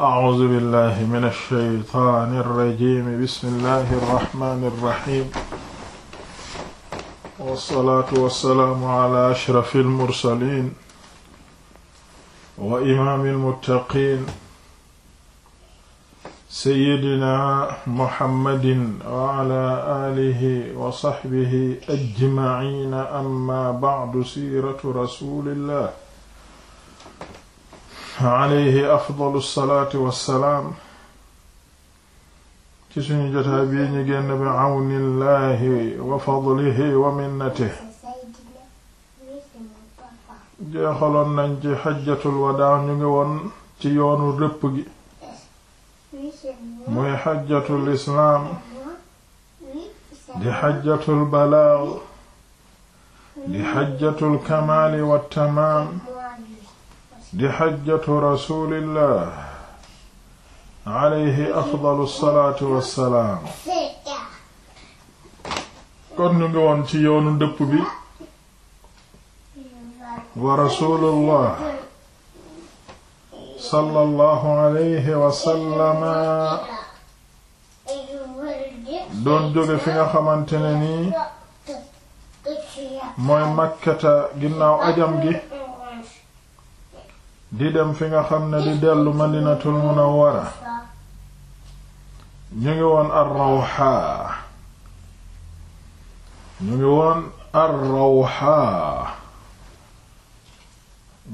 أعوذ بالله من الشيطان الرجيم بسم الله الرحمن الرحيم والصلاة والسلام على أشرف المرسلين وإمام المتقين سيدنا محمد وعلى آله وصحبه أجمعين أما بعد سيرة رسول الله alayhi afdalu salaatu wassalaam ci suñu jotaa bii ñu génn bi awnillahi wa fadlihi wa minnatihi jeexaloon nañ ci xajjatul wadaa ñu ngi woon ci yoonu rëpp gi muy xajjatul islaam di xajjatul balaag di xajjatul kamaali wa tamaam di xajjatu rasulillah alayhi afdalu salaatu wassalaam kon ñu ngi woon ci yoonu dëpp bi wa rasulullah sallallahu alayhi wa sallama doon jóge fi nga xamante ne nii mooy makkata ginnaaw ajam gi di dem fi nga xam ne di dellu madinatul munawwara ñu ngi woon ar ñu ngi woon ar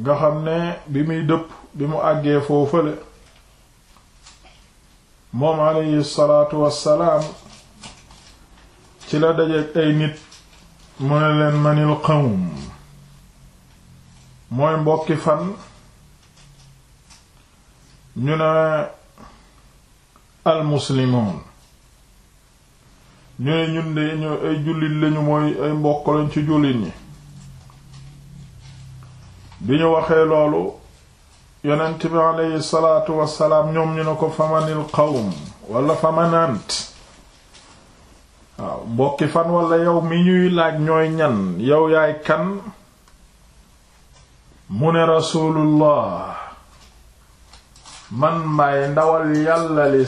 nga xam ne bi muy dëpp bi mu àggee foofale moom alayhi salaatu wassalaam ci la dajeek ay nit mu ne leen manil qawm mooy mbokki fan ñu ne almuslimuun ñu ne ñun de ay jullit lañu mooy ay mbokk lañ ci jullit ñi bi ñu waxee loolu yonent bi aleyhi salaatu wassalaam ñoom ñu ne ko famanil qawm wala famanant waaw mbokki fan wala yow mi ñuy laaj ñooy ñan yow yaay kan mu ne rasulullah man maay ndawal yàlla li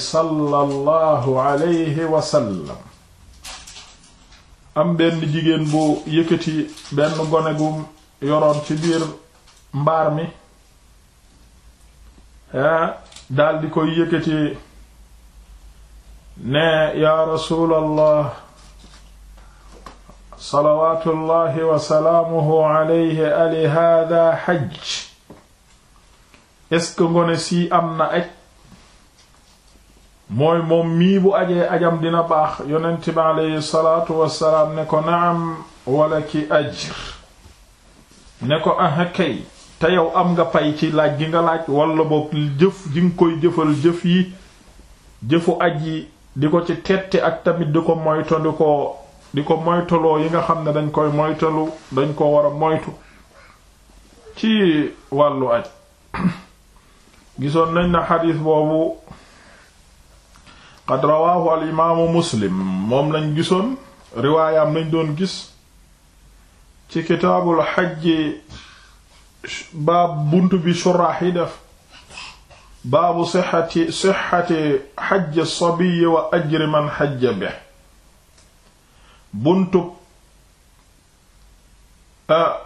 alayhi wa am benn jigéen bu yëkkati benn gone gum yoroon ci biir mbaar mi ah daldi ko yëkkati ne yaa rasuulallah salawaatullahi wa salaamuhu alayhi ali haadaa hajj est-ce que ngone sii am na aj mooy moom mii bu ajee ajam dina baax yonent bi aleyhi salaatu wassalaam ne ko naam wala ki ajr ne ko aha te yow am nga pay ci laaj gi nga laaj wala boog jëf ji nga koy jëfal jëf yi jëfu aj yi di ko ci tette ak tamit di ko moyto ko di ko moytoloo yi nga xam ne dañ koy moytalu dañ ko war a moytu ci wàllu aj gisoon nañ na xadiis boobu qad rawaahu al imaamu muslim moom lañ gisoon riwaayaam lañ doon gis ci kitaabul xajji baab bunt bi shuraax yi def baabu sixati sixati xajj sabiyi wa ajri man xajja be buntub ah,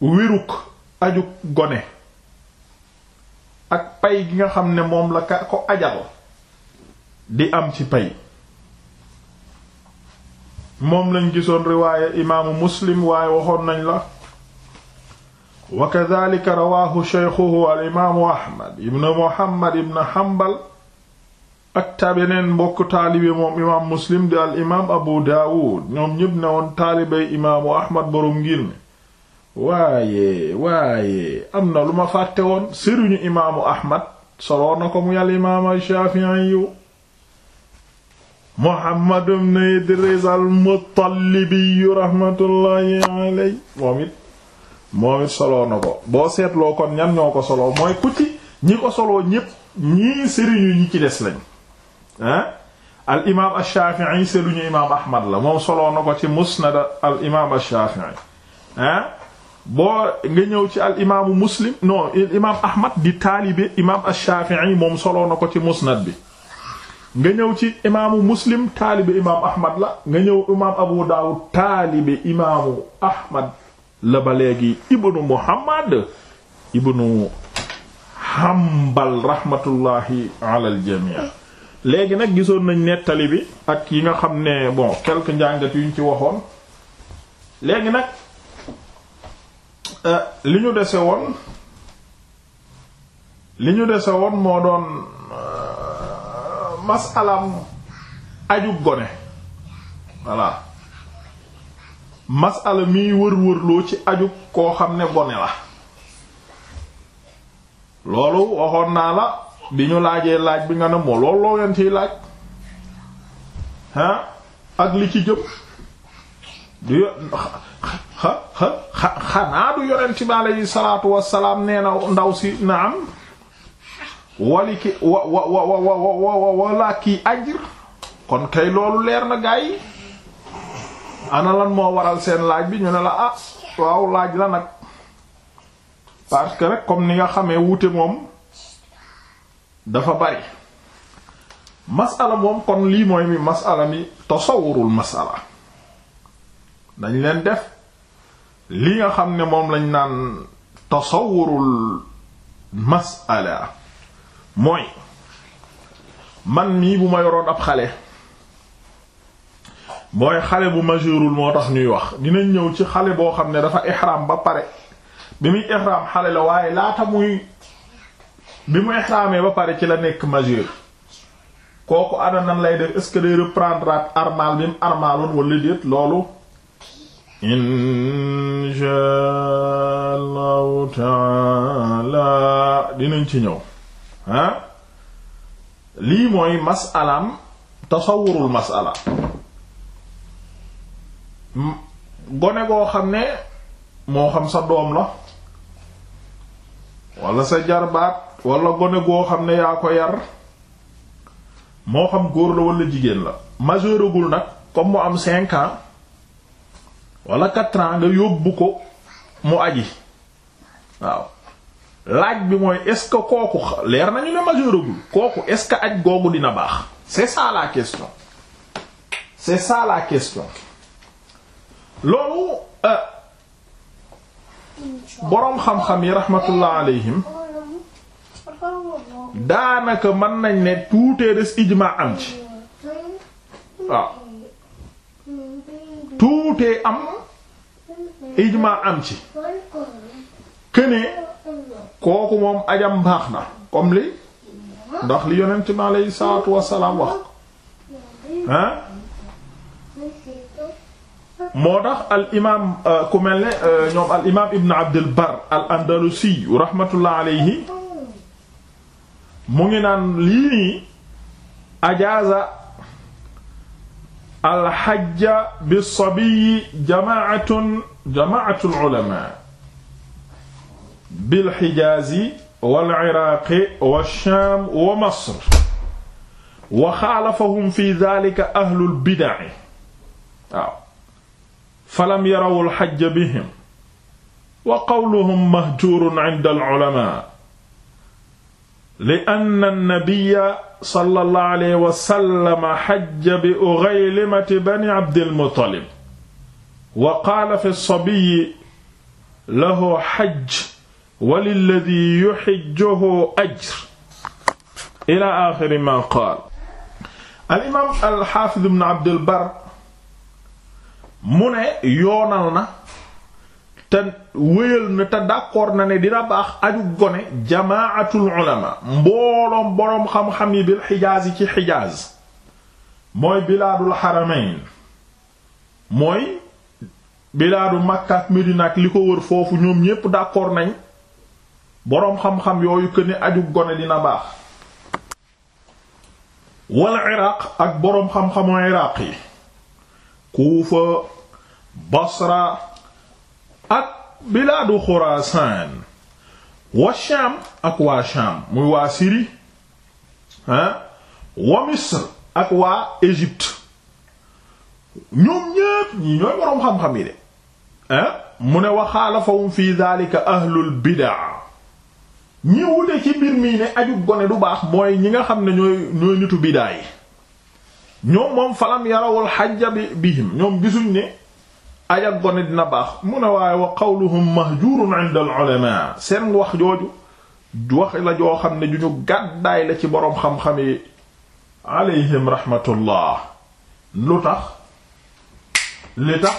wiruk aju gone ak pay gi nga xam ne moom la ka ko ajal di am ci pay moom lañ gisoon riwaaye imaamu muslim waaye waxoon nañ la wa kadhalika rawaahu shaykhuhu al imaamu ahmad ibn muhammad ibn hanbal ak tabeneen mbokk taalibe moom imaam muslim di al imaam abu daawud ñoom ñépp ne woon taalibey imaamu ahmad boroom ngir mi waaye waaye am na lu ma fàtte woon sëriñu imaamu ahmad soloo na ko muy al imaam Shaafi'i yu Muhammad ibn Idris al-Muttalibi rahmatullahi alayhi moom it moom it soloo na ko boo seetloo kon ñan ñoo ko soloo mooy ku ci ñi ko soloo ñépp ñii sëriñu ñi ci des lañ ah al imaam ash sëriñu imaam ahmad la moom soloo na ko ci musnad al imaam ash-Shaafi'i boo nga ñëw ci al imaamu muslim non imaam ahmad di taalibe imaam ash-shafi'i moom soloo na ko ci musnad bi nga ñëw ci imaamu muslim taalibe imaam ahmad la nga ñëw imaam abu daawud taalibe imaamu ahmad la ba léegi ibnu muhammad ibnu hambal rahmatullahi ala al jami' léegi nag gisoon nañ nettali bi ak yi nga xam ne bon quelques njàngat yuñ ci waxoon léegi nag Euh, li ñu dese woon li ñu dese woon moo doon euh, masalaam aju gone voilà masala miy wër-wërloo ci aju koo xam ne gone la loolu waxoon naa la bi ñu laajee laaj bi nga ne moo loolu loo ngeen laaj ah ak li ci jëm du yo xanaa du yonent bi aleyhi salaatu wassalaam nee na ndaw si naam wali ki wa wa wa wa wala kii ajr kon kay loolu leer na gaay yi ana lan moo waral seen laaj bi ñu ne la ah waaw laaj la nag parce que rek comme ni nga xamee wuute moom dafa bari masala moom kon lii mooy mi masala mi tasawurul masala dañ leen def li nga xam ne moom lañ naan tasawurul masala mooy man mii bu ma yoroon ab xale mooy xale bu majeurul moo tax ñuy wax dinañ ñëw ci xale boo xam ne dafa ihram ba pare bi muy ihram xale la waaye laata muy bi mu ihramee ba pare ci la nekk majeur kooku ana lay def est-ce que day reprendre at bi mu armaloon wala déet loolu insha allahu taala dinañ ci ñëw ah lii mooy masalaam tasawurul masala gone goo xam ne moo xam sa doom la wala sa jarbaat wala gone goo xam ne yaa ko yar moo xam góor la wala jigéen la majeuragul nag comme mu am cinq wala quatre ans nga yóbbu ko mu aji waaw laaj bi mooy est kooku leer nañu ne majeuragul kooku est-ce que aj googu dina baax c'est ça la question c'est ça question loolu euh, boroom xam-xam yi rahmatullah alayhim daanaka mën nañ ne tuutee des ijma am ci waaw tuutee am ijmaa am ci këne kooku moom ajam baax na comme li ndax li yonent mi aleyhi moo tax al imaam euh, ku mel ne euh, ñoom al imaam Ibn Abdul Bar al Andalusi rahmatullah aleyhi mu ngi naan lii nii ajaaza alxajja bisabiyi jamaatun jamaatu lulama bilxijaazi walciraaqi walchaam wa masr wa xaalafahum fi dalika ahlulbidaci waaw falam yarawu lxajja bihim wa qawluhum mahjurun inda alulama li anna nabiyya sallallahu alayhi wa sallam hajja bi ughaylimati bani abdil muttalib wa qaala fi sabiyyi lahu hajj wa lilladhi yuhijjuhu ajr ila aaxiri ma qaala. al imaam al xaafiz ibn abdul bar mu ne yoonal na. te wéyal na te d'accord na ne dina baax aju gone jamaatul ulama mbooloom boroom xam-xam yi bil xijaaz yi ci xijaaz mooy bilaadul xaramayn mooy bilaadu Makka ak Medina ak li ko wër foofu ñoom ñépp d'accord nañ boroom xam-xam yooyu que ni aju gone dina baax wal Iraq ak boroom xam-xamu Iraq yi Kuufa Basra ak bilaadu Xuraasaan wa Shaam ak waa Shaam muy waa Syrie ah wa Misr ak waa Égypte ñoom ñépp ñi ñooy boroom xam-xam yi de ah mu ne wa xaalafahum fi daalika ahlul bidaa ñi wute ci mbir mi ne aju gone du baax mooy ñi nga xam ne ñooy ñooy nitu bidaa yi ñoom moom falam yarawul xajja bi bihim ñoom gisuñ ne ajak gone dina baax mu ne waaye wa qawluhum mahjurun 'inda al-ulama seen wax jooju wax la joo xam ne ju ñu gàddaay la ci boroom xam-xam yi alayhim lu tax li tax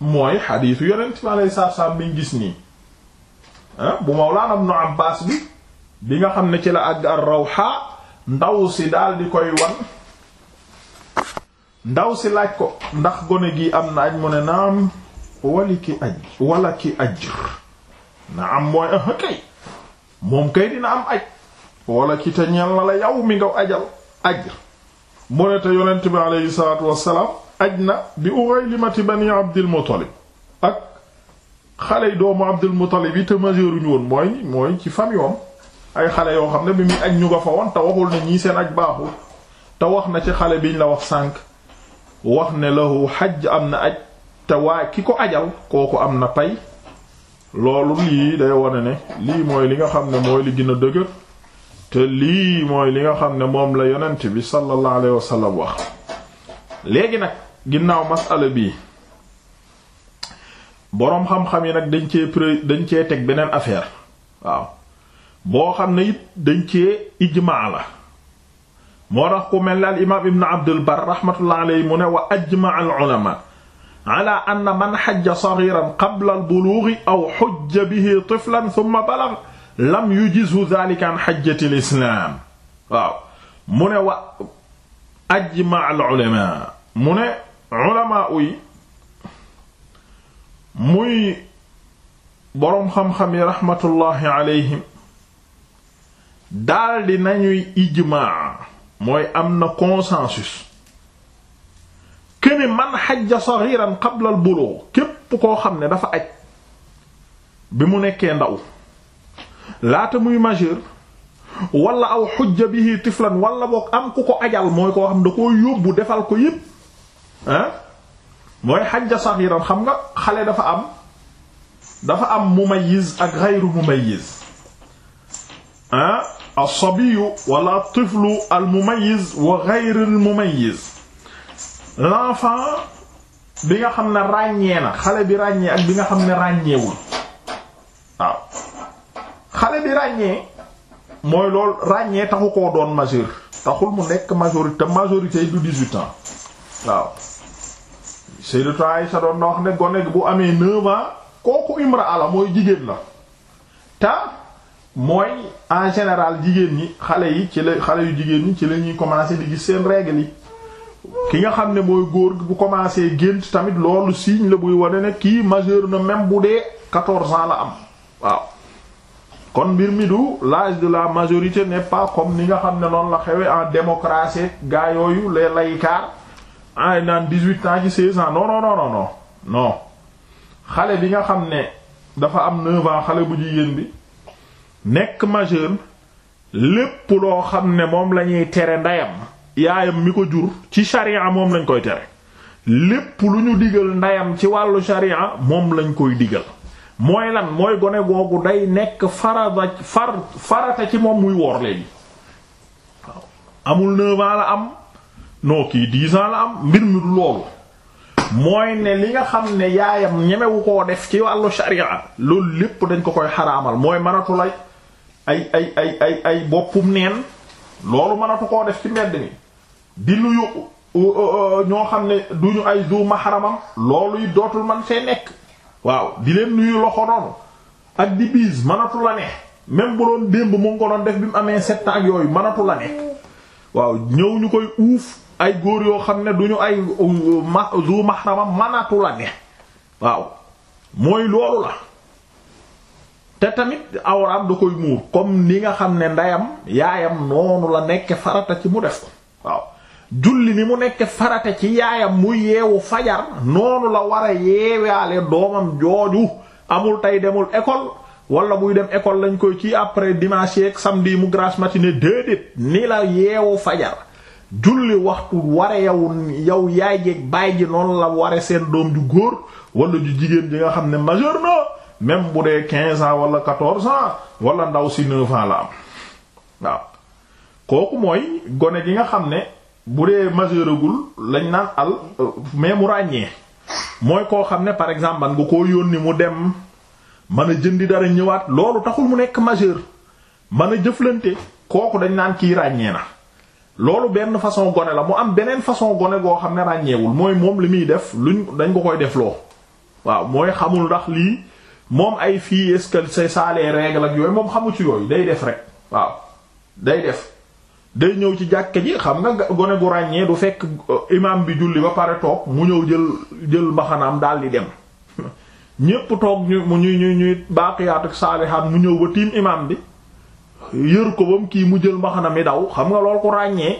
mooy xadiisu yonent bi alayhi salaatu salaam biñ gis nii ah, bu Mawlaana Ibnu Abbaas bi bi nga xam ne ci la àgg ar-Rawhaa ndaw si daal di koy wan ndaw si laaj ko ndax gone gi am na aj mu ne naam wali ki aj wala ki ajr na am mooy ah kay moom kay dina am aj wala ki te ñeel na la yow mi nga ajal ajr mu ne te yonent bi na bi Ughaylimati bani Abdul Muttalib ak xale yi doomu Abdul Muttalib yi te majeuruñu woon mooy mooy ci famille am ay xale yoo xam ne bi muy aj ñu nga fa woon te waxul ne ñii seen aj baaxul te wax na ci xale biñ la wax sànq wax ne lahu xaj am na aj te waa ki ko ajal kooku am na pay loolu lii day wone ne lii mooy li nga xam ne mooy li gën a te lii mooy li nga xam ne moom la yonent bi sallallahu alayhi wasallam wax léegi nag ginnaaw masala bii boroom xam-xam yi nag dañ cee pré dañ cee teg beneen affaire waaw boo xam ne it dañ cee ijmaa la moo tax ku mel ne al imaam ibn abdul bar rahmatullah alayhi mu ne wa ajmaa al ulama ala anna man xajja sagiran qabla al buluugi aw xujja bihi tiflan thumma balagha lam yujizhu dhalika an xajjati al islaam waaw mu ne wa ajmaa al ulama mu ne ulama uy muy boroom xam-xam yi rahmatullahi alayhim daldi nañuy ijmaa mooy am na consensus kene man xajja saxiran qabla al bulugh képp koo xam ne dafa aj bi mu nekkee ndaw laata muy majeur wala aw xujja bihi tiflan wala boog am ku ko ajal mooy koo xam da koo yóbbu defal ko yépp ah mooy xajja saxiran xam nga xale dafa am dafa am mumayyiz ak ghayru mumayyiz ah as-sabiyu wala tiflu al-mumayyiz wa ghayr al-mumayyiz l'enfant bi nga xam ne ràññee na xale bi ràññee ak bi nga xam ne ràññeewul waaw xale bi ràññee mooy lool ràññee taxu ko doon majeur taxul mu nekk majorité majorité du 18 ans waaw Sayyidatu Aïsha doon na wax ne gone bu amee 9 ans kooku imra ala mooy jigéen la ta mooy en général jigéen ñi xale yi ci la xale yu jigéen ñi ci la ñuy commencer di gis seen règles yi ki nga xam ne mooy góor bu commencer gént tamit loolu signe la buy wane ne kii majeur na même bu dee quatorze ans la am waaw kon mbir mi du l'âge de la majorité n'est pas comme ni nga xam ne noonu la xewe en démocratie gaa yooyu les laïcards ay naan dix-huit ans ci seize ans non non xale bi nga xam ne dafa am neuf xale bu jigéen bi nekk majeur lépp loo xam ne moom lañuy ñuy tere ndeyam yaayam mi ko jur ci sharia moom lañ koy tere lépp lu ñu digal ndeyam ci wàllu sharia moom lañ koy digal mooy lan mooy gone googu day nekk farada farata ci moom muy woor léegi waaw amul neuf la am noo kii dix ans la am mbir mi loolu mooy ne li nga xam ne yaayam ñemewu koo def ci wàllu sharia loolu lépp dañ ko koy xaraamal mooy maratu lay ay ay ay ay ay boppum neen loolu mënatu koo def ci mbedd mi di nuyu uh, uh, uh, ñoo xam ne duñu ay du maxaramam loolu dootul man fee nekk waaw di leen nuyu loxo noonu ak di biis mënatu la ne même bu doon démb mu ngi def bi mu amee sept ans ak yooyu mënatu la ne waaw ñëw ñu koy uuf ay góor yoo xam ne duñu ay du maxaramam mënatu la ne waaw mooy loolu la te tamit awraam da koy muur comme ni nga xam ne ndeyam yaayam noonu la nekk farata ci mu def ko waaw julli ni mu nekk farata ci yaayam mu yeewu fajar noonu la war a yeewaale doomam jooju amul tey demul école walla muy dem école lañ koy ci après dimanche ak samedi mu grasse matinée déedéet ni la yeewu fajar julli waxtu ware yow yow yaay jeeg baay ji noonu la ware seen doom ju góor wala ju jigéen ji nga xam ne majeur na même bu dee quinze ans wala quatorze ans wala ndaw si neuf ans la am waaw kooku mooy gone gi nga xam ne bu dee majeuragul lañ naan al euh, mais mu ràññee mooy koo xam ne par exemple man nga koo yónni mu dem mën a jën di dara ñëwaat loolu taxul mu nekk majeur mën a jëflante kooku dañ naan kii ràññee na loolu benn façon gone la mu am beneen façon gone goo xam ne ràññeewul mooy moom li muy def luñ dañ ko koy defloo waaw mooy xamul ndax lii moom ay fii est-ce que ak yooyu moom xamu ci yooyu day def rek waaw day def day ñëw ci jàkke ji xam nga gone gu ràññee du fekk euh, imam bi julli ba pare toog mu ñëw jël jël mbaxanaam daal di dem ñépp toog ñu mu ñuy ñuy ñuy baaqiyaat ak mu ñëw ba tiim imam bi yër ko bam kii mu jël mbaxanaam mi daw xam nga lool ko ràññee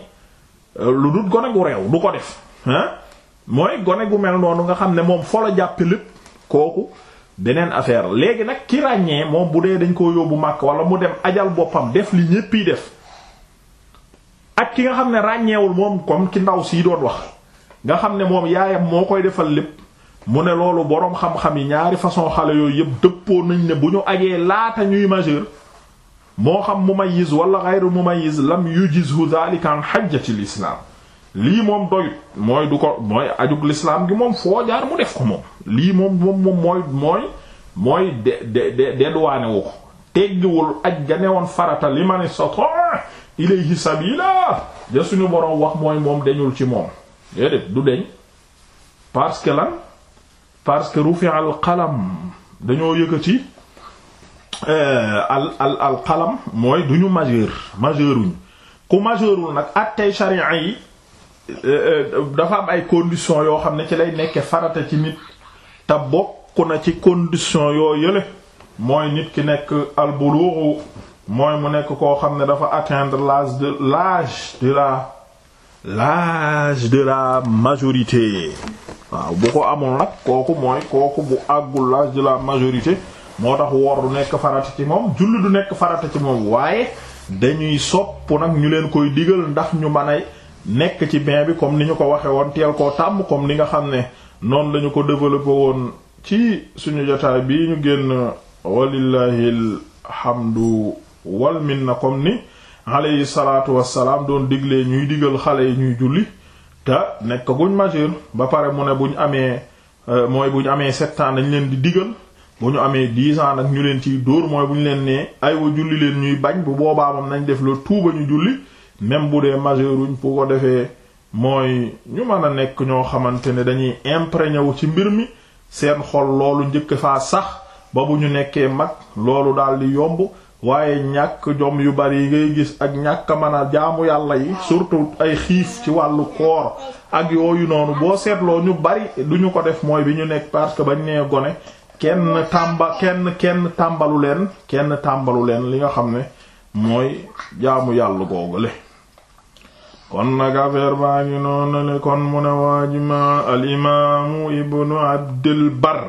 euh, lu dut gone gu reew du ko def ah mooy gone gu mel noonu nga xam ne moom folo jàppe lépp kooku beneen affaire léegi nag ki ràññee moom bu dee dañ koo yóbbu màkk wala mu dem ajal boppam def li ñéppi def ak ki nga xam ne ràññeewul moom comme ci ndaw sii doon wax nga xam ne moom yaayam moo koy defal lépp mu ne loolu boroom xam-xam yi ñaari façon xale yooyu yëpp dëppoo nañ ne bu ñu agee laata ñuy majeur moo xam mu mumayyiz wala ghayru mumayyiz lam yujizhu dhalika an hajjatil islam lii moom doyut mooy du ko mooy ajug lislaam gi moom foo jaar mu def ko moom lii moom moom moom mooy mooy mooy de de de deduwaane ko teggiwul aj ga farata li ma man istata ilayhi sabila da suñu boroom wax mooy moom deñul ci moom du deñ parce que lan parce que rufi al qalam dañoo yëkkati euh, al al al qalam mooy duñu majeur majeuruñ ku majeurul nag attey sharia yi dafa am ay conditions yoo xam ne ci lay nekke farata ci nit te bokk na ci condition yoo yële mooy nit ki nekk albuluuxu mooy mu nekk koo xam ne dafa atteindre l'âge de l'âge la l'âge de la majorité waaw bu ko amul nag kooku mooy kooku bu àggul l'âge de la majorité moo tax woor du nekk farata ci moom julli du nekk farata ci moom waaye dañuy sopp nag ñu leen koy digal ndax ñu mën a nekk ci bain bi comme ni ñu ko waxe woon teel koo tàmm comme ni nga xam ne noonu lañu ko développé woon ci suñu jotaay bi ñu génn walillahi alhamdu wal na comme ni alayhi salaatu wassalaam doon diglee ñuy digal xale yi ñuy julli te nekk guñ majeur ba pare mu ne bu ñu amee euh, mooy bu ñu amee sept ans leen di digal bu ñu amee dix ans nag ñu leen ciy dóor mooy bu ñu leen nee ay aywa julli leen ñuy bañ bu boobaa moom nañ def la tuuba ñu julli même bu dee majeur wuñ bu ko defee mooy ñu mën a nekk ñoo xamante ne dañuy imprégné wu ci mbir mi seen xol loolu njëkk faa sax ba bu ñu nekkee mag loolu daal di yomb waaye ñàkk jom yu bari yi ngay gis ak ñàkk mën jaamu yàlla yi surtout ay xiif ci wàllu koor ak yooyu noonu boo seetloo ñu bari duñu ko def mooy bi ñu nekk parce que bañ nee gone kenn tàmba kenn kenn tàmbalu leen kenn tàmbalu leen li nga xam ne mooy jaamu yàlla googale kon nag affaire baa ngi noonale kon mu ne waajima al imaamu ibnu abdil bar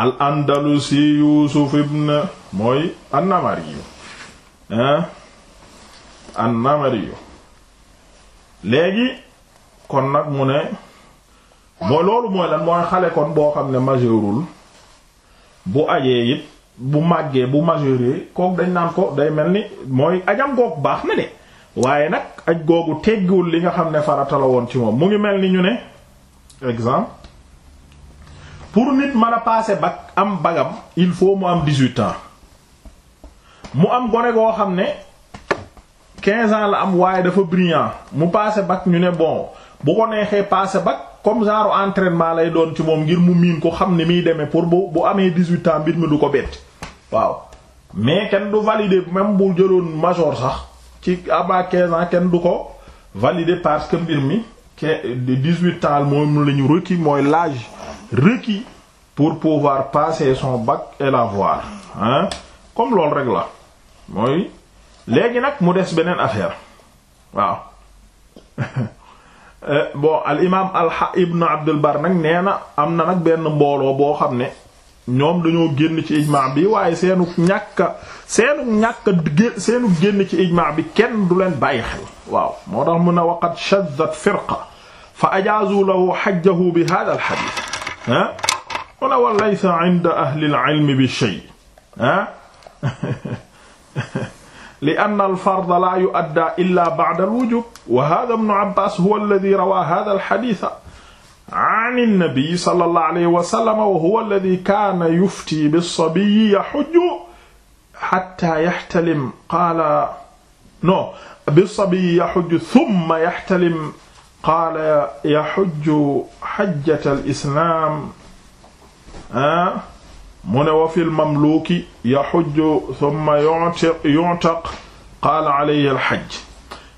al andalusi yuusuf ibn mooy annamariyu hein annamariyu léegi kon nag mu ne mooy loolu mooy lan mooy xale kon boo xam ne majeurul bu ajee it bu màggee bu majeure kook dañ naan ko day mel ni mooy ajam kook baax na de waaye nag aj googu teggiwul li nga xam ne farata woon ci moom mu ngi mel ni ñu ne exemple pour nit mën a passer bac am bagam il faut mu am dix mu am gone goo xam ne quinze ans la am waaye dafa brillant mu passer bac ñu ne bon bu ko neexee passer bac comme genre entraînement lay doon ci moom ngir mu miin ko xam ne muy demee pour bu bu amee dix-huit ans mbir mi du ko bett waaw mais kenn du valider même bu jëloon major sax ci avant 15 kenn du ko valider parce que mbir mi de 18 ans moom la ñu requis mooy laaj requis pour pouvoir passer son bac et l'avoir hein comme loolu rek la mooy léegi nag mu des beneen affaire waaw euh, bon al imaam al ibn Abdul Bar nag nee na am na nag benn mbooloo boo xam ne ñoom dañoo génn ci ijmaa bi waaye seenu ñàkk seenu ñàkk seenu génn ci ijmaa bi kenn du leen bàyyi xel waaw moo tax mun a waqad shaddat firqa fa ajaazu lahu hajjahu bi hadha al hadith ah mu ne wa laysa inda ahli al ilm bi shay ah li anna al fard la yu'adda illa ba'da al wujub wa hadha ibn abbas huwa alladhi rawa hadha al hadith an nabi sallallahu alayhi wa sallam wa huwa alladhi kaana yufti bis-sabiyyi yahujju hatta yahtalim qaala no bis-sabiyyi yahujju thumma yahtalim qaala yahujju hajjata al-islaam ah mu ne wa fil mamluuki yahujju thumma yu'taq qaala alayhi al-hajj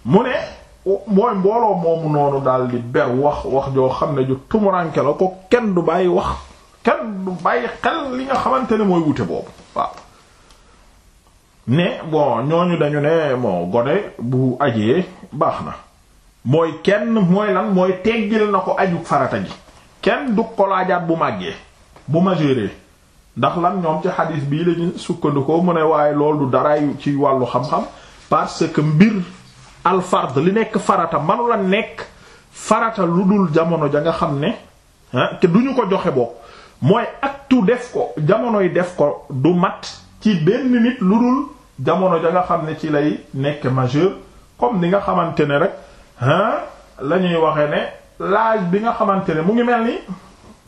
mu ne mooy mbooloo moomu noonu daal di ber wax wax joo xam ne ju tumuranke la ko kenn du bàyyi wax kenn du bàyyi xel li nga xamante ne mooy wute boobu waaw ne bon ñooñu dañu ne bon gone bu ajee baax na mooy kenn mooy lan mooy teggil na ko aju farata ji kenn du kolaajaat bu màggee bu majeure ndax lan ñoom ci xadiis bii lañu sukkandikoo mu ne waaye loolu du dara ci wàllu xam-xam parce que mbir al li nekk farata manu la nekk farata lu dul jamono ja nga xam ne ah te duñu ko joxe boo mooy aktu def ko jamono yi def ko du mat ci benn nit lu dul jamono ja nga xam ne ci lay nekk majeur comme ni nga xamante ne rek ah la ñuy waxee ne laaj bi nga xamante ne mu ngi mel ni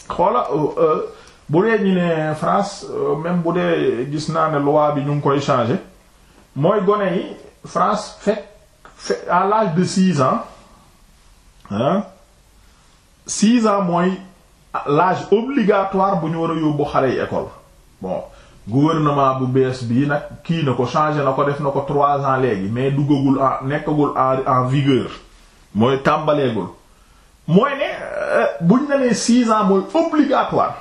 xoola euh, euh, bu dee ñu ne France euh, même bu dee gis naa ne loi bi ñu ngi koy changer mooy gone yi France fekk à l'âge de six ans hein six ans mooy l'âge obligatoire bu ñu war a yóbbu xale yi école bon gouvernement bu bees bii nag kii na ko changé na ko def na ko trois ans léegi mais duggagul en nekkagul en en vigueur mooy tàmbaleegul mooy ne euh, buñ ne nee six ans mooy obligatoire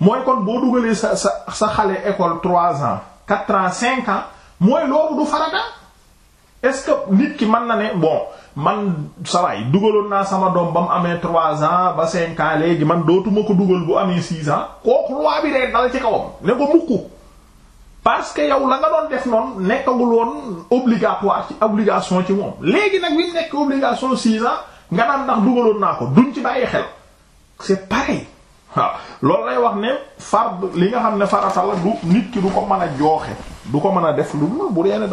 mooy kon boo dugalee sa sa sa xale école trois ans quatre ans cinq ans mooy loolu du farata est-ce que nit ki mën na ne bon man sawaay dugaloon naa sama doom ba mu amee trois ans ba cinq ans léegi man dootuma ko dugal bu amee six ans kooku loi bi dee ci kawam ne ko mukk parce que yow la nga doon def noonu nekkagul woon obligatoire ci obligation ci moom léegi nag wi nekk obligation six ans nga naan ndax dugaloon naa ko duñ ci bàyyi xel c'est pareil loolu lay wax ne fard li nga xam ne farata la du nit du ko mën a jooxe du ko mën a def lu bu dee ne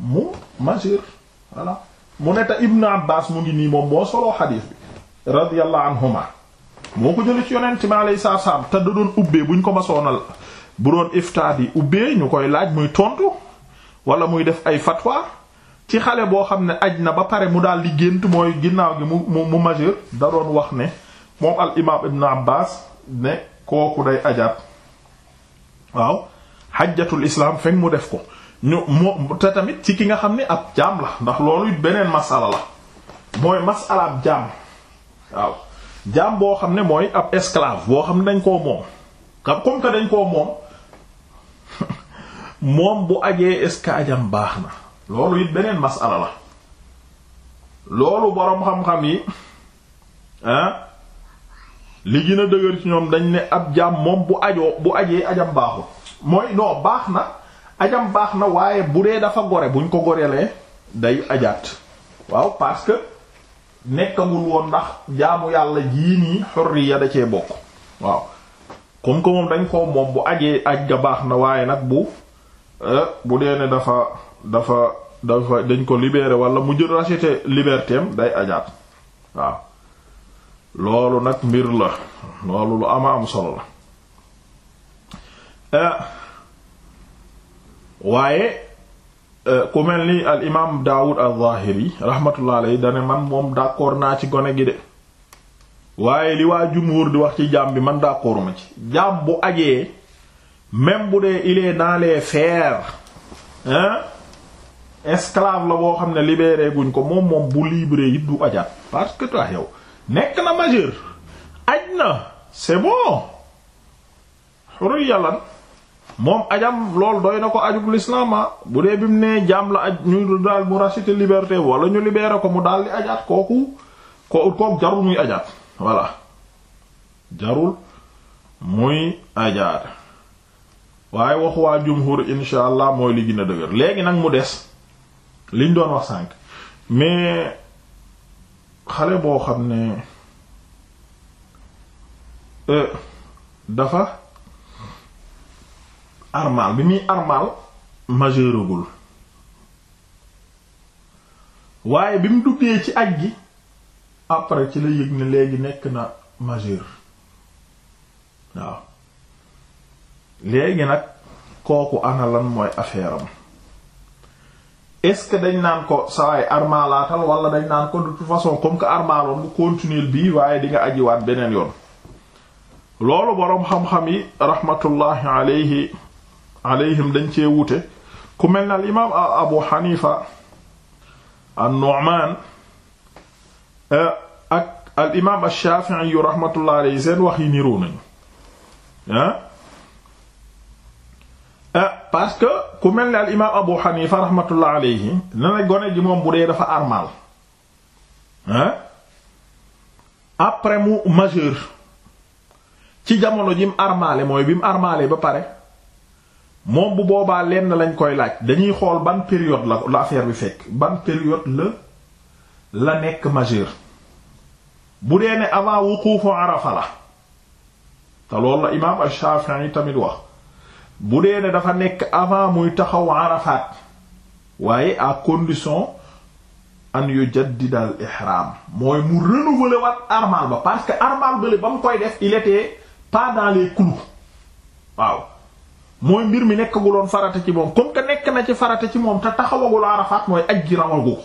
mu majeur mu ne te Ibn Abbas mu ngi nii moom moo soloo xadiis bi radiyallahu anhuma moo ko jëlee ci yonent mi alayhi salaatu te da doon ubbee buñ ko masoonal bu doon iftaa bi ubbee ñu koy laaj muy tontu wala muy def ay fatwa ci xale boo xam ne aj na ba pare mu daal di gént mooy ginnaaw gi mu mu majeur da doon wax ne moom al imaam Ibn Abbas ne kooku day ajaat waaw xajjatul islam fekk mu def ko. ñu moo te tamit ci ki nga xam ni ab jaam la ndax loolu it beneen masala la mooy masala ab jaam waaw jaam boo xam ne mooy ab esclave boo xam ne dañ koo moom xam comme que dañ koo moom moom bu ajee est-ce que ajam baax na loolu it beneen masala la loolu boroom xam-xam yi ah li gën a dëgër ci ñoom dañ ne ab jaam moom bu ajoo bu ajee ajam baaxu mooy non baax na ajam baax na waaye bu dee dafa gore buñ ko gorelee day ajaat waaw parce que nekkagul woon ndax jaamu yàlla jii nii xurriya da cee bokk waaw comme que dañ ko moom bu ajee aj ga baax na waaye nag bu eh, bu dee ne dafa dafa dafa dañ ko libeere wala mu jël racheter liberté day ajaat waaw loolu nag mbir la loolu lu ama am solo la eh, waaye euh, ku mel ni al imaam Daawud al-Zahiri rahmatullah alayhi dane man moom d'accord naa ci gone gi de waaye li waa jumhur di wax ci jaam bi man d'accord ma ci jaam bu ajee même bu dee il est dans les fers hein la boo xam ne libéré guñ ko moom moom bu libéré it du ajaat parce que tax nekk na majeur aj na c'est bon yàllan moom ajam lool doy na ko ajug l'islam bu dee bi mu nee jaam la aj ñu daal mu racheter liberté wala ñu libérer ko mu daal di ajaat kooku ko kooku jarul muy ajaat voilà jarul muy ajaat waaye waxu waa jumhur mooy li gën dëgër léegi nag mu des liñ doon wax sànq mais xale boo xam ne euh, dafa armal bi muy armal majeuragul waaye bi mu duggee ci aj gi après ci la yëg ne léegi nekk na majeur waaw léegi nag kooku ana lan mooy affaire am est-ce dañ naan ko sawaay armalaatal wala dañ naan ko de façon comme que armaaloon bu continuer bii waaye dinga nga ajiwaat beneen yoon loolu boroom xam-xam yi rahmatullahi alayhi alayhim dañ cee wuute ku mel na al imaam Abu Hanifa an-Nu'man eh, ak al imaam ash-Shafi'i yu rahmatullah alayhi seen wax yi niroo nañu eh? Eh, parce que ku mel ne al imaam Abu Hanifa rahmatullah alayhi na gone ji moom bu dee dafa armal ah après mu majeur ci jamono jim mu armaale mooy bi mu ba pare. moom bu boobaa lenn lañ koy laaj dañuy xool ban période la la affaire bi fekk ban période la la nekk majeur bu dee ne avant wuquufu arafa la te loolu la imaam Ash-Shafi'i tamit wax bu dee ne dafa nekk avant muy taxaw arafaat waaye à condition an yujaddida al ihram mooy mu renouveler wat armal ba parce que armal bële ba mu koy def il était pas dans waaw mooy mbir mi nekkaguloon farata ci moom comme que nekk na ci farata ci moom te taxawagul Arafat mooy aj gi rawagu ko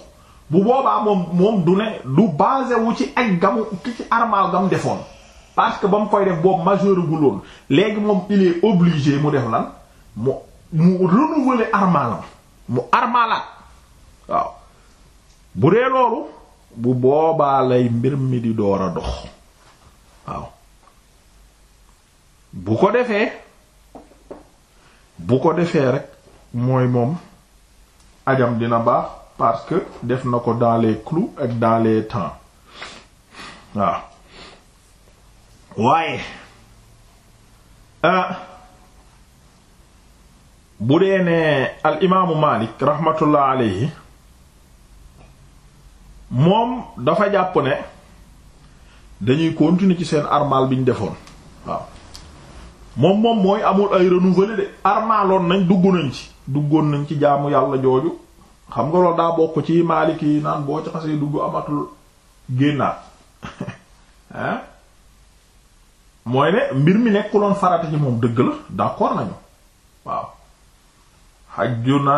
bu boobaa moom moom du ne du basé ci aj gamu ki ci armal gam defoon parce que ba mu koy def boobu majeur guloon léegi moom il est mu def la mu mu renouveler armalam mu armalaat waaw bu dee loolu bu boobaa lay mbir mi di door a dox waaw bu ko defee bu ko defee rek mooy moom ajam dina baax parce que def na ko dans les clous ak dans les temps waaw waaye ah, bu dee ne al imaamu Maalik rahmatullah alayhi moom dafa jàpp ne dañuy continuer ci seen armal bi ñu defoon waaw moom moom mooy amul ay renouvelé de armaaloon nañ dugg nañ ci duggoon nañ ci jaamu yàlla jooju xam nga loolu daa bokk ci maaliki yi naan boo ci xasee dugg amatul génnaat ah mooy ne mbir mi nekkuloon farata ci moom dëgg la d'accord nañu waaw xajjuna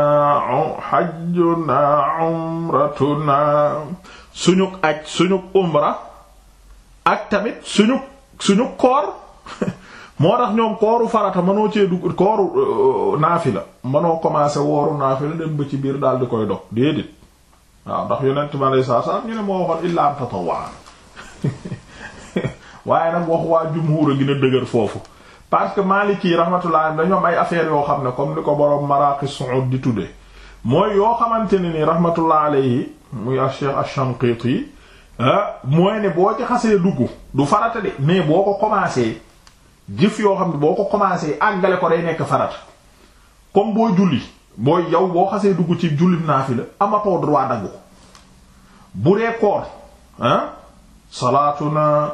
xajjuna umratuna suñu aj suñu umra ak tamit suñu suñu koor moo tax ñoom kooru farata mënoo cee dugg kooru euh, euh, naafila mënoo commencé wooru naafila dem ba ci biir daal di koy dox déedéet waaw ndax yonent ma lay saa saa ñu ne moo nag wax waa jumhuur a gën a foofu parce que Maliki rahmatullah dañu am ay affaires yoo xam ne comme ni ko borom Maraqi Su'ud di tuddee mooy yoo xamante ne ni rahmatullah alayhi muy Cheikh Ash-Shanqiti ah, mooy ne boo ci xasee dugg du farata de mais boo ko commencé. jëf yoo xam ne boo ko commencé àggale ko day nekk farata comme boo julli boo yow boo xasee dugg ci julli naafila amatoo droit dagg ko bu dee koor salaatuna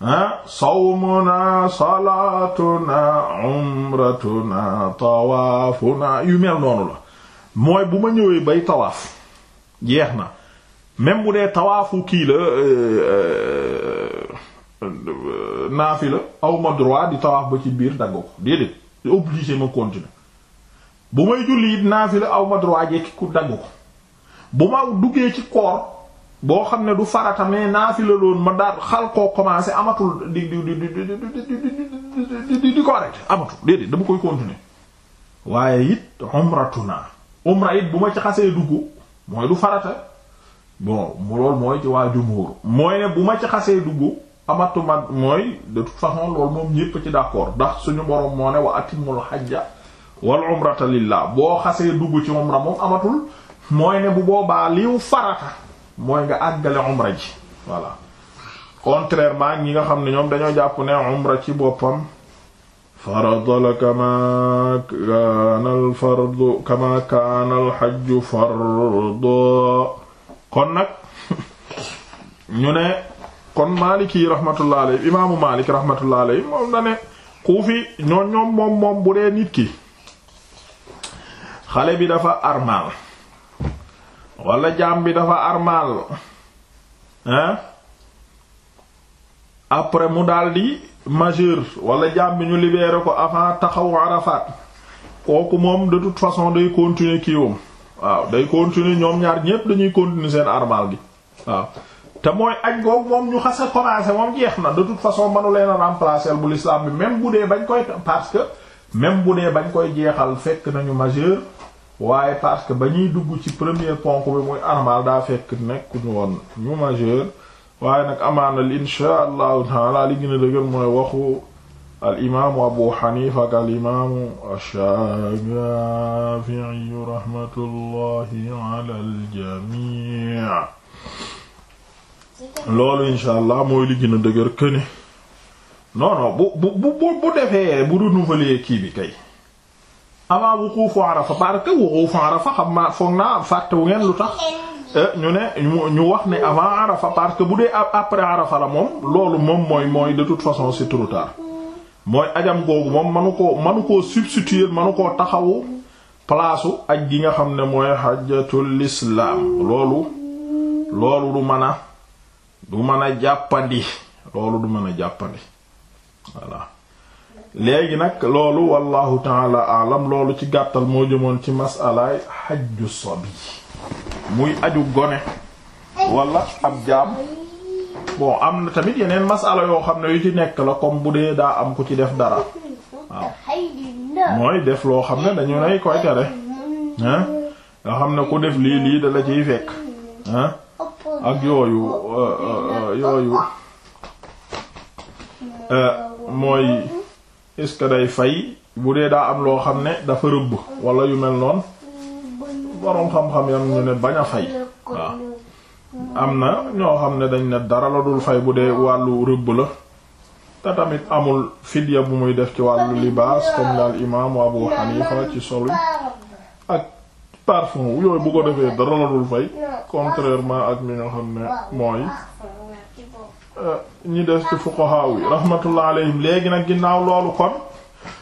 ah sawmuna salaatuna tawaafuna yu mel noonu la mooy bu ma ñëwee bay tawaaf jeex na même bu dee tawaafu kii la euh, euh, naafila aw ma droit di tawaaf ba ci biir dagg ko déedéet obligé ma continuer bu may julli it naafila aw ma droit jekki ku dagg ko bu ma duggee ci koor boo xam ne du farata mais la loon ma daal xal koo commencé amatul di di di di di di ko arrêté amatul déedéet dama koy continuer waaye it umratuna umra it bu ma ci xasee dugg mooy du farata bon mu loolu mooy waa jumhur mooy ne bu ma ci xasee dugg amatuma mooy de toute façon loolu moom ñépp ci d'accord ndax suñu borom moo ne wa atimul hajja wal umrata lillah boo xasee dugg ci umra moom amatul mooy ne bu boobaa liw farata mooy nga àggale umra ji voilà contrairement nga xam ne ñoom dañoo jàpp ne ci boppam farada la kama kaana al fardu kama kaana kon Maalik yi raxmatullah alayhi imaamu Maalik rahmatullah alayhi moom dane ku fi moom moom bu dee nit ki xale bi dafa armal walla jaam bi dafa armal hein après mu daldi majeur wala jaam bi ñu libéré ko avant taxaw Arafat kooku moom da toute façon day continuer kiiwam waaw day continuer ñoom ñaar ñépp dañuy continuer seen armal gi waaw te mooy aj googu moom ñu xasa commencé moom jeex na de toute façon manu leen a remplacer bu bi même bu dee bañ koy parce que même bu dee bañ koy jeexal fekk nañu majeur waaye parce que ba ñuy dugg ci premier ponk bi muy armal daa fekk nekkuñu woon ñu majeur waaye nag amaanal insha allahu taala li gën a dëgër mooy waxu al imaamu abu xanifa ak al imaamu ash-Shaafi'i rahmatullahi ala al jamii loolu insha mooy li gën a dëgër que ne bu bu bu bu defee bu renouveler kii bi kay avant wuquufu Arafa parce que wuquufu Arafa xam naa foog naa fàtte wu ngeen lu tax eh, ñu ne ñu wax ne avant Arafa parce bu dee après Arafa la moom loolu moom mooy mooy de toute façon c'est trop mooy ajam googu moom manu koo manu koo substituer manu koo taxawu palaasu aj gi nga xam ne mooy xajatul islam loolu loolu du mën du mën a jàppandi loolu du mën a jàppandi voilà léegi nag loolu wallahu taala alam loolu ci gàttal moo jëmoon ci masalaay xajju sabi muy aju gone walla ab jaam bon am na tamit yeneen masala yoo xam ne yu ci nekk la comme bu dee daa am ku ci def dara waaw mooy def loo xam ne dañu nay koy tere nga xam ne ku def lii lii dala ciy fekk ah ak yooyu yooyu euh, euh, euh, mooy est day fay bu dee daa am loo xam ne dafa rëbb wala yu mel noonu boroom xam-xam yam ñu ne bañ a fay waaw am na ñoo xam ne dañ ne dara la dul fay bu dee wàllu rëbb la te tamit amul fidya bu muy def ci wàllu libaas comme daal imaamu Abu Hanifa ci solu ak parfum yooyu bu ko defee dara la dul fay contrairement ak li nga xam ne mooy euh, ñi des ci fuqaha yi rahmatullah alayhim léegi nag ginnaaw loolu kon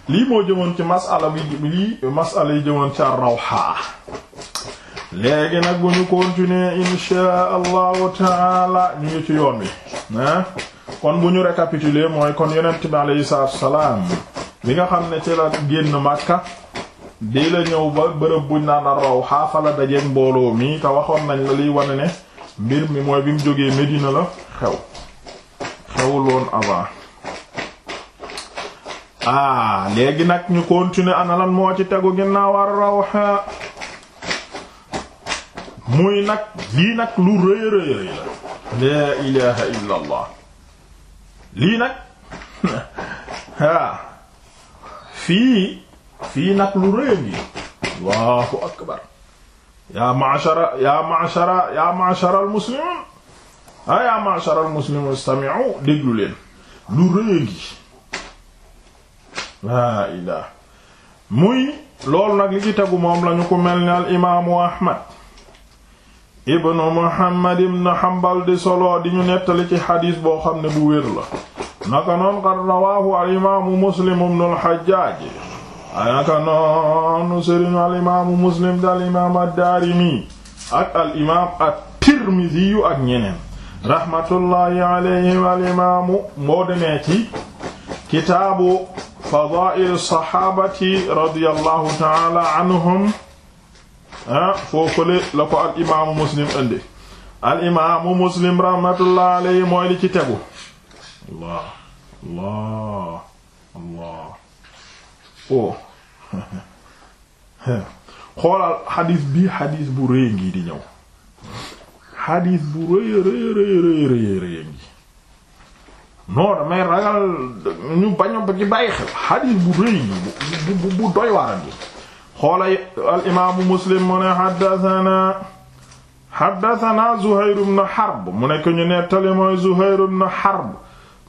lii moo jëmoon ci masala bi lii masala yi jëmoon ci ar-rawha léegi nag bu ñu continuer insha allahu taala ñu ngi ci yoon wi ah kon bu ñu récapituler mooy kon yonent bi alayhi salaatu salaam bi nga xam ne ci la génn Makka di la ñëw ba bërëb buñ naan a raw xaafala dajeeg mbooloo mi te waxoon nañ la liy wane ne mbir mi mooy bi jógee Medina la xew xewul woon avant ah léegi nag ñu continuer ana lan moo ci tegu ginnaaw ar rawxa muy nag lii nag lu rëy rëy rëy la laa ilaha illa lii nag fii fii nag lu rëy ngi Allahu akbar yaa ma'shara yaa ma'shara yaa ma'shara al-muslimin yaa ma'shara al-muslimin istami'u lu rëy ngi laa muy loolu nag li ci tegu moom lañu ko mel ni al imaamu Ahmad ibnu Muhammad ibn Hanbal di solo di ñu nettali ci xadiis boo xam ne bu wér la naka noon qad rawaahu al imaamu Muslim ibnu al-Hajjaaj anaka noonu sëriñu al imaamu muslim da al al imaam ak al imaamu ah, al imaamu muslim indi al imaamu allah allah allah oh xoolal xadiis bi xadiis bu rëy ngi di ñëw xadiis bu rëy rëy rëy rëy rëy ngi non damay ragal ñu baño ba ci bàyyi xel xadiis bu rëy ngi bu bu doy waar ngi xoolal al imaamu muslim mu ne xaddasanaa xaddasanaa zuhayru bnu xarb mu nekk ñu nettali mooy zuhayru bnu xarb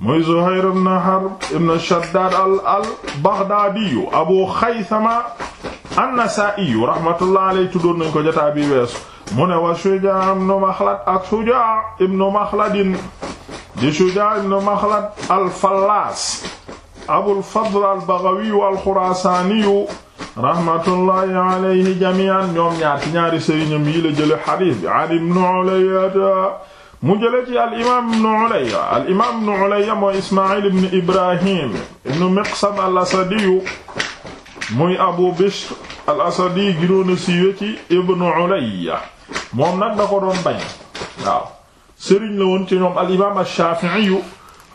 muy Zuhayr ibn Harb ibn Shaddad al al Baghdadiyu Abu Khaythama an-Nasa'iyu rahmatullah alayhi tuddoon nañ ko jotaa bi weesu mu ne wa Shuja' ibn Makhlad ak Shuja' ibn Makhladin di Shuja' ibn Makhlad al-Fallaas Abul Fadl al-Baghawiyu al-Khurasaniyu rahmatullahi alayhi jami'an ñoom ñaar ci ñaari sëriñam yi la jële xadiis bi an Ibn Ulayya mu jëlee ci al imaam ibn Ulayya al imaam ibn Ulayya mooy Ismaa'il ibn Ibrahim ibn Miqsam al Asadiyu muy Abu Bishr al Asadi gënoon a siiwee ci ibn moom nag da ko doon bañ waaw la woon ci ñoom al imaam ash-Shaafi'i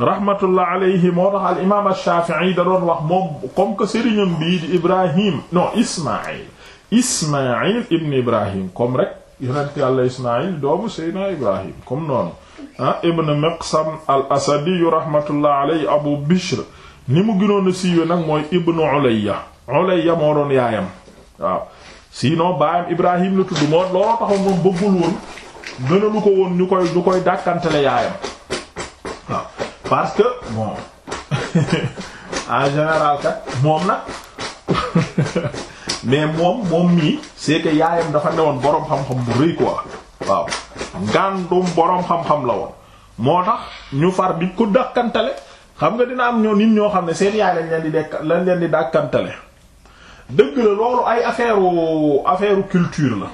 rahmatullah alayhi moo tax al imaam ash-Shaafi'i da doon wax moom comme que sëriñam bii di Ibrahim non Ismaa'il Ismaa'il ibn Ibrahim comme yonent yàlla ismail doomu seydna ibrahim comme noonu ah, ibn miqsam al asadiyu abu bishr ni mu gënoon a siiwe nag mooy ibnu ulayya ulayya moo doon yaayam waaw baayam ibrahim la tudd moo looloo taxoon moom bëggul woon gëna ko woon ñu koy ñu dàkkantele yaayam parce que bon en général kat moom nag mais moom moom mii c'est yaayam dafa newoon boroom xam-xam bu rëy quoi waaw ngàndum boroom xam-xam la woon moo tax ñu far di ko dàkkantale xam nga dina am ñoo nit ñoo xam ne seen yaay lañ leen di dekk lañ leen di dàkkantale dëgg la loolu ay affaire affaire culture la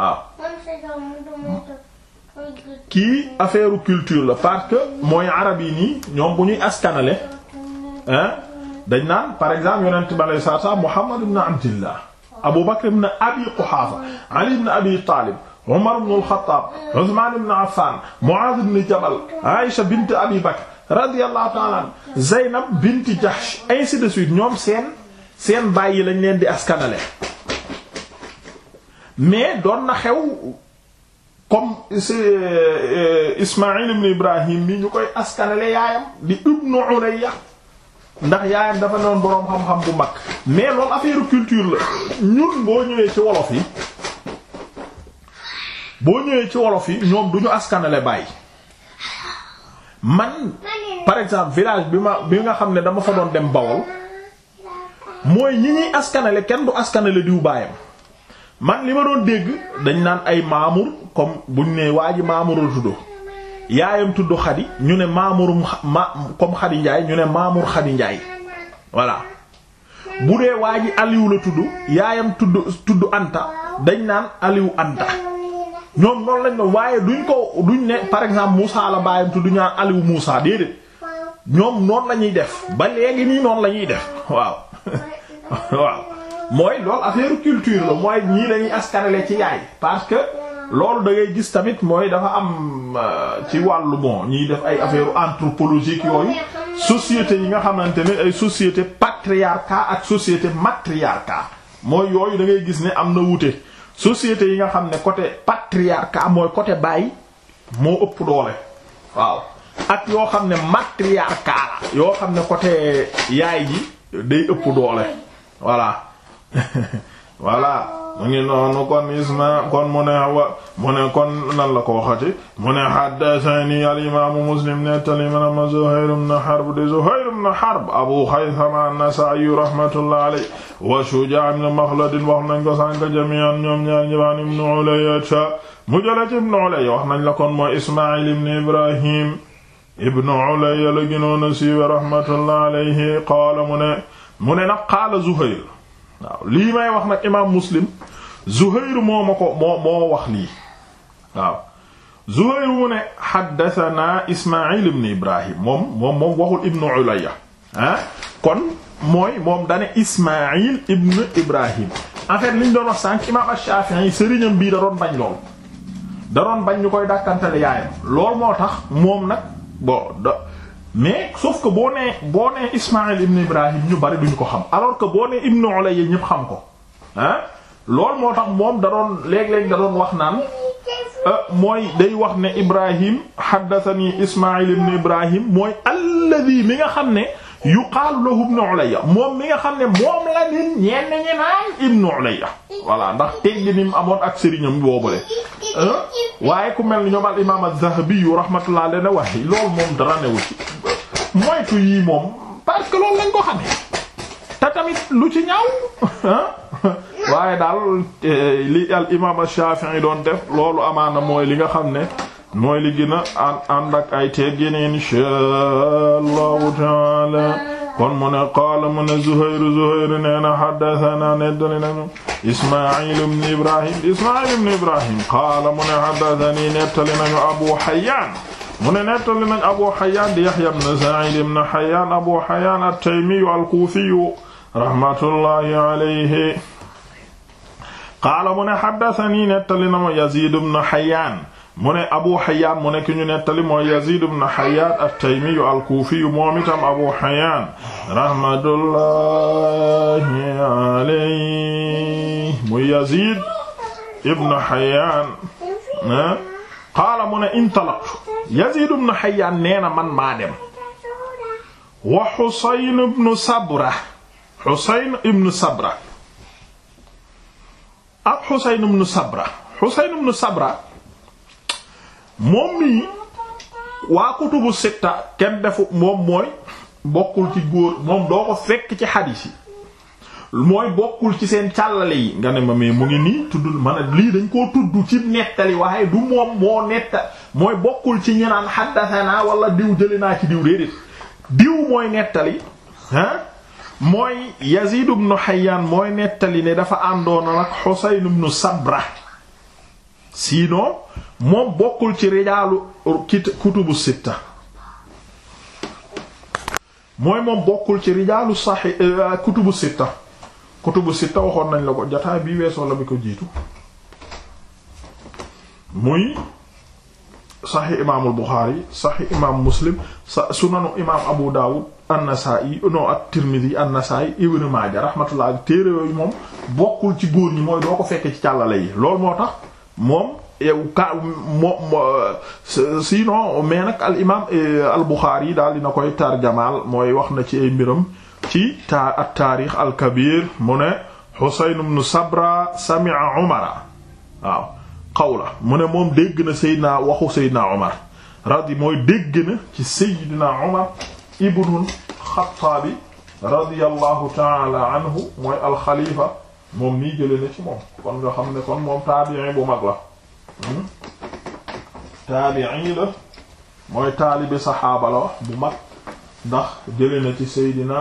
waaw kii affaire culture la parce que mooy arab yi nii ñoom bu ñuy askanale hein dañ naan par exemple yonent bi alayhi salaatu salaam Muhammad ibn Abdillah Abu Bakr ibn Abi Quhaafa Ali ibn Abi Taalib Umar ibn al-Khattaab Usmaan ibn Affaan Muaaz ibn Jabal Aïcha bint Abi Bakr an Zeynab bint Jahsh ainsi de suite ñoom seen seen baay yi lañ leen di askanale mais doon na xew comme euh, euh, Ismaïl Ibrahim mi ñu koy askanale yaayam di ibnu Ulayya ndax yaayam dafa noon boroom xam-xam bu mag mais loolu affaire culture la ñun boo ñëwee ci wolof yi boo ñëwee ci wolof yi ñoom du ñu askanale bàyyi man par exemple village bi ma nga xam ne dama fa doon dem Bawol mooy ñi ñuy askanale kenn du askanale diw baayam man li ma doon dégg dañ naan ay Mamour comme buñ ne waa ji Mamour la tuddoo yaayam tudd Xadi ñu ne Maamurum ma comme ñu ne Maamur Xadi Njaay voilà bu dee waa ji Aliou la tudd yaayam tudd tudd Anta dañ naan aliw Anta ñoom noonu lañ la waaye duñ ko duñ ne par exemple Moussa la baayam tudd naan Aliou Moussa déedéet ñoom noonu la def ba léegi nii noonu la def waaw mooy loolu affaire culture la mooy ñii lañuy askanale ci yaay parce que. loolu da ngay gis tamit mooy dafa am euh, ci wàllu bon ñuy def ay affaire anthropologique yooyu société yi nga xamante ne ay société patriarcat ak société matriarcat mooy yooyu da ngay gis ne am na wuute société yi nga xam ne côté patriarcat mooy côté baay moo ëpp doole waaw ak yoo xam ne matriarcat yoo xam ne côté yaay ji day ëpp doole voilà voilà mu ngi noonu kon isma kon mu ne wa mu ne kon nan la ko waxati mu ne haddathani al imaamu muslim nettali mana ma Zuhayr ibn Harb de Zuhayr ibn Harb Abu Khaythama an-Nasa'i rahmatullah alayhi wa Shuja' ibn Makhlad wax nañ ko sànk jami'an ñoom ñaar ñëwaan ibn Ulayya mu jële ci ibn Ulayya wax nañ la kon mooy Isma'il ibn Ibrahim ibn Ulayya la gënoon a siiwe rahmatullah alayhi qaala mu ne mu ne nag qaala Zuhayr waaw lii may wax nag imaam muslim zuhayr moo ma ko moo moo wax lii waaw zuhayr mu ne xaddathana ismail ibn ibrahim moom moom waxul ibnu ulayya ah kon mooy moom dane ismail ibn ibrahim en liñ doon wax imaam ash-shafi'i yi sëriñam bii da doon bañ lool da bañ ñu koy dàkkantale yaayam lool moo tax moom nag bon mais sauf ko boo ne boo ne Ismaïl ibn Ibrahim ñu bari duñu ko xam alors que boo nee Ibn Ulayya ñëpp xam ko ah loolu moo tax moom da doon léeg-léeg da doon wax naan euh, mooy day wax ne Ibrahim haddathani Ismaïl ibn Ibrahim mooy alladhi mi nga xam ne. yuqaalu lahu ibnu ulayya moom mi nga xam ne moom la nit ñenn ñi naan ibnu ulayya voilà ndax tegg amoon ak sëriñam boobule waaye ku mel ni ñoom al imaam az-zahabi rahmatullah alayhi wax loolu moom dara newu ci moytu yii moom parce que loolu lañ ko xamee te tamit lu ci ñaaw waaye daal eh, li al imaam ash-shafi'i doon def loolu amaana mooy li nga xam ne mooy li gën a ànd ak ay teggin inshaa allahu taala kon mu ne qaala mu ne Zuhayr Zuhayr nee na haddathana nettali nañu Ismaa'il ibn Ibrahim Ismaa'il ibn Ibrahim qaala mu ne haddathani nettali nañu Abu Hayyan mu ne nettali nañu Abu Hayyan di Yahya ibn Sa'id ibn Hayyan Abu Hayyan at-Taymi al-Kufi rahmatullahi alayhi qaala mu ne haddathani nettali nañu Yazid ibn Hayyan mu ne Abu Hayyan mu ne ki ñu nettali mooy Yazid ibn Hayyan at-Taymi al-Kufi moom itam Abu Hayyan rahmatullahi alayhi muy Yazid ibn Hayyan ah. qaala mu ne intalaqtu Yazid ibn Hayyan nee na man maa dem wa Husayn ibn Sabra Husayn ibn Sabra ak Husayn ibn Sabra Husayn ibn Sabra moom mii waa kutubu sitta kenn defu moom mooy bokkul ci góor moom doo ko fekk ci xadiis yi mooy bokkul ci seen càllale yi nga ne ma mais mu ngi nii tuddul lii dañ koo tudd ci nettali waaye du moom moo netta mooy bokkul ci ñenaan xaddasanaa wala diw jëli naa ci diw déedéet diw mooy nettali ah mooy Yazid ibn Hayyan mooy nettali ne dafa àndoona nag Husayn ibn Sabra sinon moom bokkul ci rijaalu kutubu sitta mooy moom bokkul ci rijaalu saxi euh, kutubu sitta kutubu sitta waxoon nañ la ko jotaay bii weesoo la bi ko jiitu muy saxi imaamul Buxaari saxi imaam Muslim sunanu imaam Abu Daawud an-Nasaa'i non ak Tirmidi an-Nasaa'i Ibnu Maaja rahmatullah ak téere yooyu moom bokkul ci góor ñi mooy doo ko fekkee ci càllale yi loolu moo tax moom yow ka moo sinon mais al imaam eh, al Buxaari yi daal dina koy tarjamaal mooy wax na ci ay mbiram ci ta at taarix al kabir mu ne Husayn ibn Sabra sami'a Umara waaw qawla mu ne moom dégg na Seydina waxu Seydina Umar radi mooy dégg na ci Seydina Umar ibnul Xattaabi radiyallahu taala anhu mooy al xalifa moom nii jëlee na ci moom kon nga xam ne kon moom taabi'i bu mag la taabi'i la mooy taalibi saxaaba la wax bu mag ndax jële na ci seydina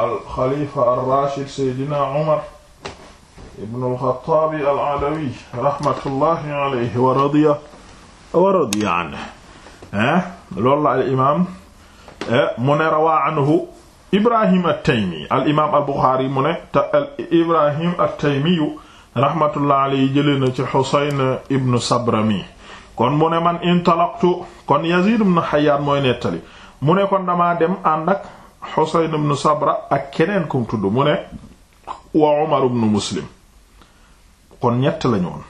al xalifa ar rashid seydina umar ibnu alxataabi al adawi rahmatullahi alayhi wa radiya wa radiya anhu hein eh? loolu la al imaam eh, mu ne rawaa anhu ibrahim at taymi al imaam al buxaari mu ne te al ibrahim at taymiyu rahmatullah alayhi jëlee na ci Xusayn ibnu Sabrami kon mu ne man intalaqtu kon Yazid ibn Hayyan mooy nettali mu ne kon dama dem ànd ak Xusayn ibnu Sabra ak keneen kum tudd mu ne wa Umar ibnu Muslim kon ñett lañu woon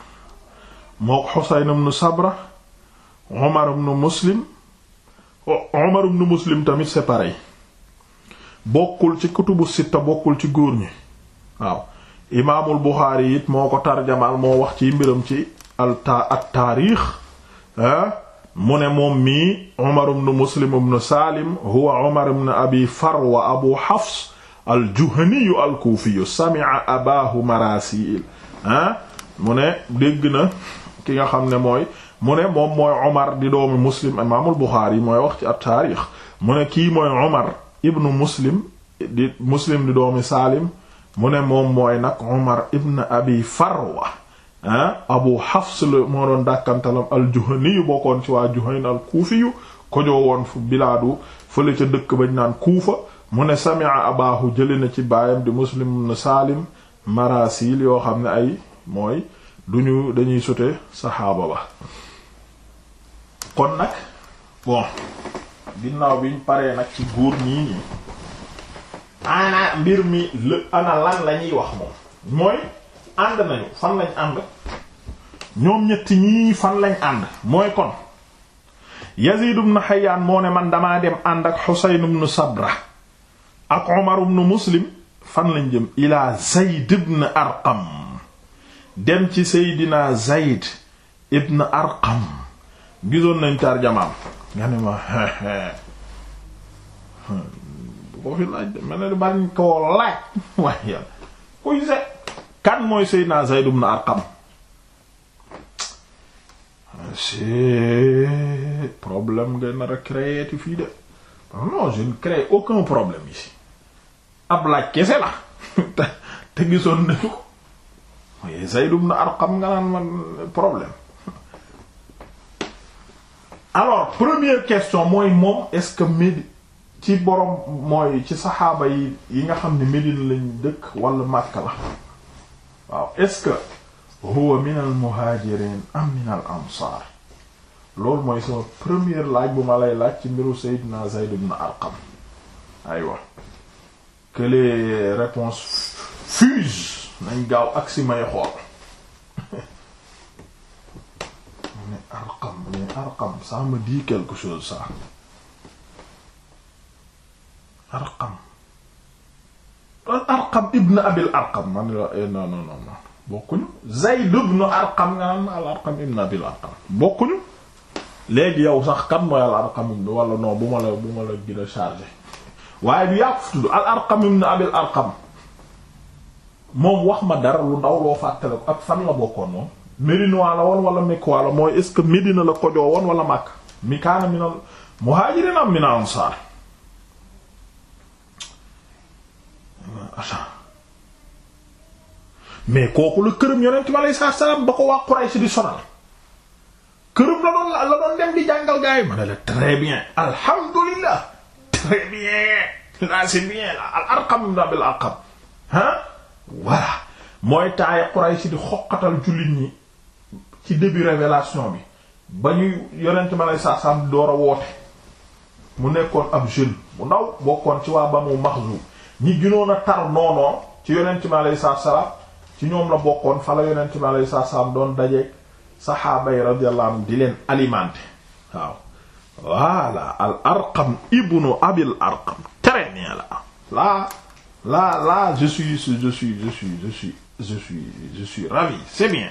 mook Xusayn ibnu Sabra Umar ibnu Muslim tamit c'est bokkul ci kutubu sitta bokkul ci góor ñi waaw imaamul Buxaari it moo ko tarjamal moo wax ci mbiram ci alta at taarix ah mu ne moom mii Umar ibn huwa Umar ibn Abi Farwa Abu Hafs al-Juhaniyu al-Kufiyu sami'a abaahu Marasil ah mu ne dégg na ki nga xam ne mooy mu ne moom mooy Umar di doomi Muslim imaamul Buxaari mooy wax ci at taarix mu ne kii mooy Umar ibn Muslim di Muslim di doomi mu ne moom mooy nag Umar ibn Abi Farwa ah Abu Hafs la moo doon dàkkantalam al-Juhani yu bokkoon ci waa Juhayn al-Kufi yu kojoo woon fu bilaadu fële ca dëkk bañ naan Kuufa mu ne sami'a abaahu jëli na ci baayam di Muslim ibn Salim marasil yoo xam ne ay mooy duñu dañuy sute saxaaba ba kon nag bon ginnaaw biñ paree nag ci góor ñii nii maanaam mbir mi lë ana lan la ñuy wax moom mooy ànd nañu fan lañ ànd ñoom ñett ñii fan lañ ànd mooy kon Yazid ibn Hayyan moo ne man damaa dem ànd ak Husayn ibn Sabra ak Umar ibn Muslim fan lañ jëm ila Zayd ibn Arqam dem ci Seydina Zayd ibn Arqam gisoon nañ tarjamaam boo fi laaj ma ne bañ koo laaj waaye yàlla kuy se kan mooy Seydina Zayd ibn Arqam c'est problème nga nar a créer fii de non je ne crée aucun problème ici ab laaj kese la te gisoon nañu ko mooy Zayd ibn Arqam nga naan man problème alors première question mooy moom est-ce que Médine ci borom mooy ci saxaaba yi nga xam ne Médine lañ dëkk wala Makka la waaw est-ce que huwa min al am min al loolu mooy sama première laaj bu ma lay laaj ci mbiru Seydina Zayd ibn Arqam aywa que les réponses nañ gaaw ak may xool mu ne Arqam mu ne Arqam ça me dit quelque chose ça arqam al arqam ibn abil arqam eh, bokkuñu zayd ibn arqam nga naan al arqam ibn abil arqam bokkuñu léegi yow sax kan mooy al arqam bi wala non bu ma la bu ma la gën a waaye du yàqu tudd al arqam ibn abil arqam moom wax ma dara lu ndaw loo fàttale ko ak fan la bokkoon moom médinois la woon wala mekkuwaa la mooy est ce la kojoo woon wala màkk mi kaana minal muhaajiriin am minal ansaar attends mais kooku la këram yonent bi aleyhi salaam ba ko waa Quraysh di sonal këram la doon la doon dem di jàngal gars yi ma la très bien alhamdulillah très bien là c'est bien al arqam na bil arqam ah voilà mooy taaya Quraysh di xoqatal jullit ñi ci début révélation bi ba ñuy yonent bi aleyhi salaatu door a woote mu nekkoon ab jeune bu ndaw bokkoon ci waa Banu Maxzum ñi gënoon na tar noonoo ci yonent mi alayhi salaatu salaam ci ñoom la bokkoon fa la yonent mi alayhi salaam doon dajeek saxaaba yi radiyallahu anhum di leen alimenté waaw voilà al arqam ibnu abil arqam très bien là là là là je suis je suis je suis je suis je suis bien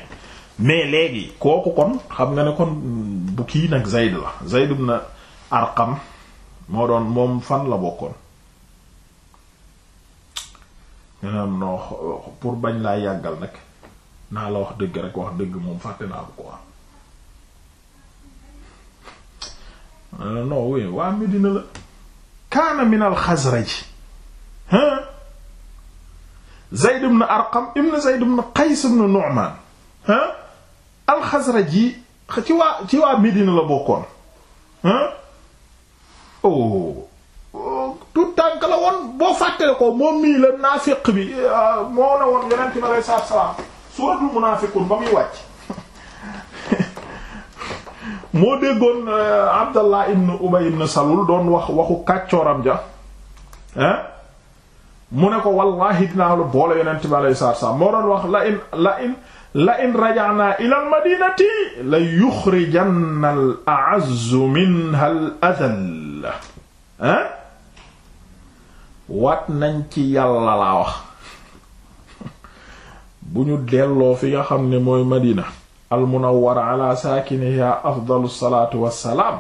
mais léegi kooku kon xam nga ne kon bu kii nag Zayd la Zayd ibn Arqam moo doon moom fan la bokkoon ñu pour bañ laa yàggal nag naa la wax dëgg rek wax dëgg moom fàtte naa ko quoi. Euh, non oui waa Medina la kaana min al ha Zayd ibn Arqam ibn Zayd ibn Qays ibn Nu'man ha al ci waa ci waa Medina la bokkoon ha oh tout tànk la woon boo fàttale moom mii la naafiq bi euh, moo ne woon yonent bi alayhi salaatu salaam suuratul munaafiqun ba muy wàcc moo déggoon euh, Abdallah ibn Ubay ibn Salul doon wax waxu kàccooram ja hein ne ko wallahi dinaa la boole yonent bi alayhi salaam moo doon la in la ila al madinati la yuxrijanna al a'azzu minha al wat nañ ci yàlla laa wax bu ñu delloo fi nga xam ne mooy madina al munawwara ala saakiniha afdalu salaatu wassalaam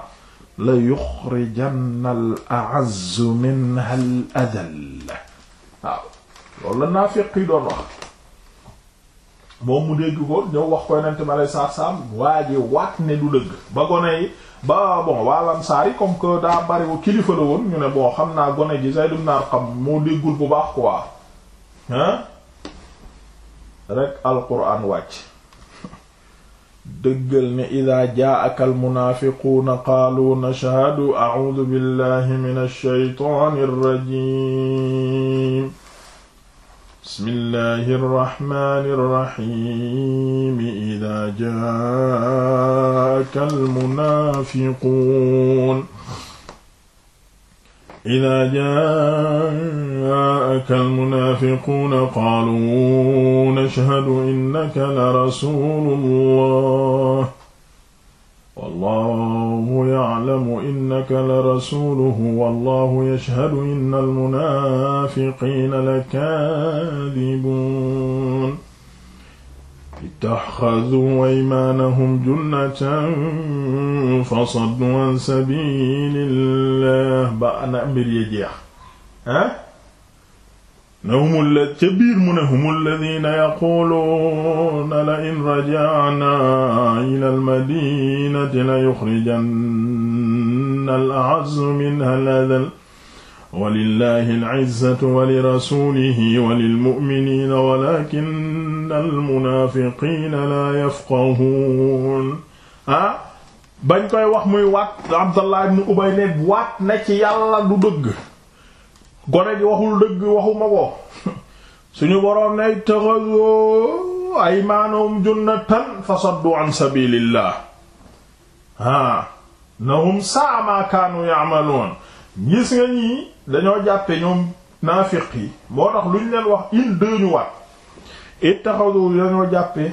la yuxrijanna al a'azzu minha al adall waaw loolu la naafiq yi doon wax moom mu dégg ko ñëw wax koy nante ma lay saar saam waa ji waat ne du dëgg ba gone yi ba waa Ansaar yi comme que daa bariwu kilifa la woon ne bon xam naa gone ji Zayd ibn Arqam moo déggul bu baax quoi hein rek alquran wàcc dëggal ne ida jaaka almunaafiquuna qaalu nashhadu a'udhu billahi minash shaytaanir rajiim bismillahi arrahmani irrahim ida jaaka almunafiqun ida jaaka almunafiquna qaaluu nashhadu innaka la rasulullah wallahu yaclamu innaka la rasuluhu wallahu yashhadu inna almunafiqina lakaadibuun ittaxaduu aymaanahum junnatan fasaddu an sabilillah ba na mbir yi jeex ah na humul la ca biir mu ne humul ladina yaquluuna la in raja'na ila almadinati la yuxrijanna al-a'azzu minha al-adall walillahi al-izzatu wa lirasulihi wa lilmu'minina walakinna al-munafiqina la yafqahuun ah bañ koy wax muy waat Abdallah ibn Ubay ne waat na ci yàlla du dëgg gone gi waxul dëgg waxuma ko suñu boroom ne ittaxazu aymaanahum junnatan fasaddu an sabilillah ah nahum saa ma kaanu ya'maluun gis nga ñii dañoo jàppe ñoom naafiq yi moo tax lu ñu leen wax une deux ñu waat ittaxazu dañoo jàppe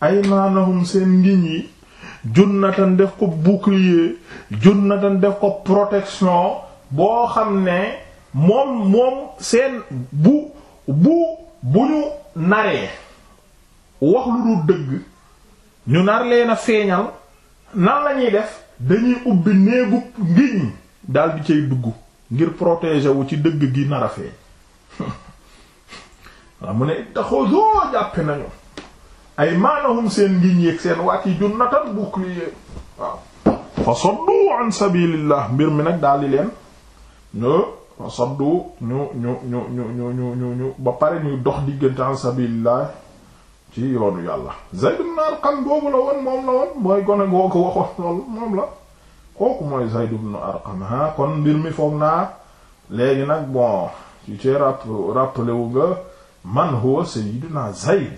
aymaanahum seen ngiñ yi junnatan def ko bouclier junnatan def ko protection boo xam ne moom moom seen bu bu bu ñu naree wax lu dul dëgg ñu nar leen a feeñal nan lañuy def dañuy ubbi néegu ngiñ daldi cay dugg ngir protéger wu ci dëgg gi nar a feeñ waaw mu ne taxoo soo jàppe nañu ay maanahum seen ngiñ yeeg seen wàcc yi jun natal bouclier waaw fa saddu an sabilillah mbir mi nag daldi leen wasaddu ñu ñu ñu ñu ñu ñu ñu ba pare ñuy dox diggante an sabilillah ci yoonu yàlla Zayd ibn Arqam boobu la woon moom la woon mooy gone ngoo ko waxoon loolu moom la kooku mooy Zayd ibn Arqam ha kon mbir Zayd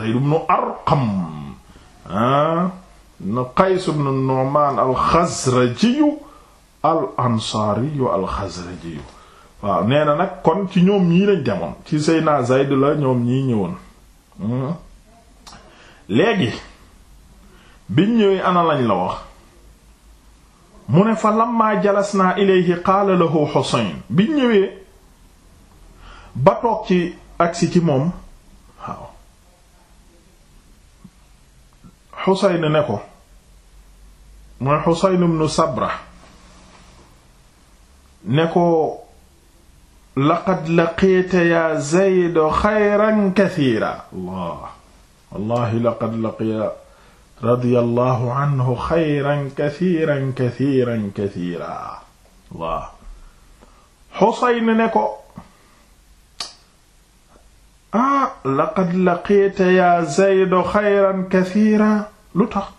ibn Arqam ibn Qays ibn Nu'man al-Khazrajiyu al-Ansariyu waaw nee na nag kon ci ñoom ñii lañ demoon ci Seyna Zayd la ñoom ñii ñëwoon hmm? léegi biñ ñëwee ana lañ la wax mu ne fa lamma jalasnaa ilayhi qaala lahu Husayn biñ ñëwee ba toog ci agsi ci moom waaw Husayn ne ko mooy Xuseyn ibn Sabra ne ko laqad laqiita yaa Zayd xayran kasiira Allah wallahi laqad laqiya radiyallahu anhu xayran kasiiran kasiiran kasiira Allah Xuseyn ne ko ah laqad laqiita yaa Zayd xayran kasiira lu tax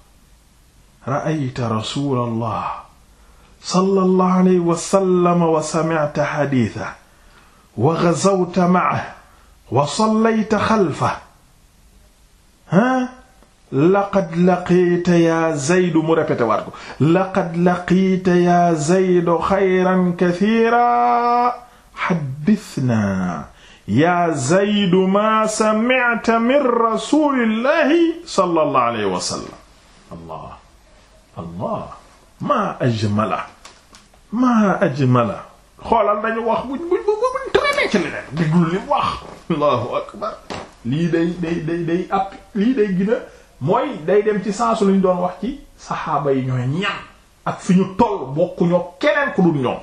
ra'ayta rasulallah sallallahu alayhi wa sallam wa sami'ta hadiithahu wa ghazawta ma'ahu wa sallayta xalfahu ha laqad laqiita yaa zaydu mu répété waat ko laqad laqiita yaa zaydu xayran kathiiran haddithnaa yaa zaydu maa sami'ta min rasuulillaahi sallallahu alayhi wa sallam allah allah maa ajmala maa ajmala xoolal dañu wax buñ buñ buñ tëranee ci leneen digul li wax allahu akbar lii day day day day app lii day gën a mooy day dem ci sensu luñ doon wax ci saxaaba yi ñooy ñam ak fi ñu toll bokkuñoo keneen ku dul ñoom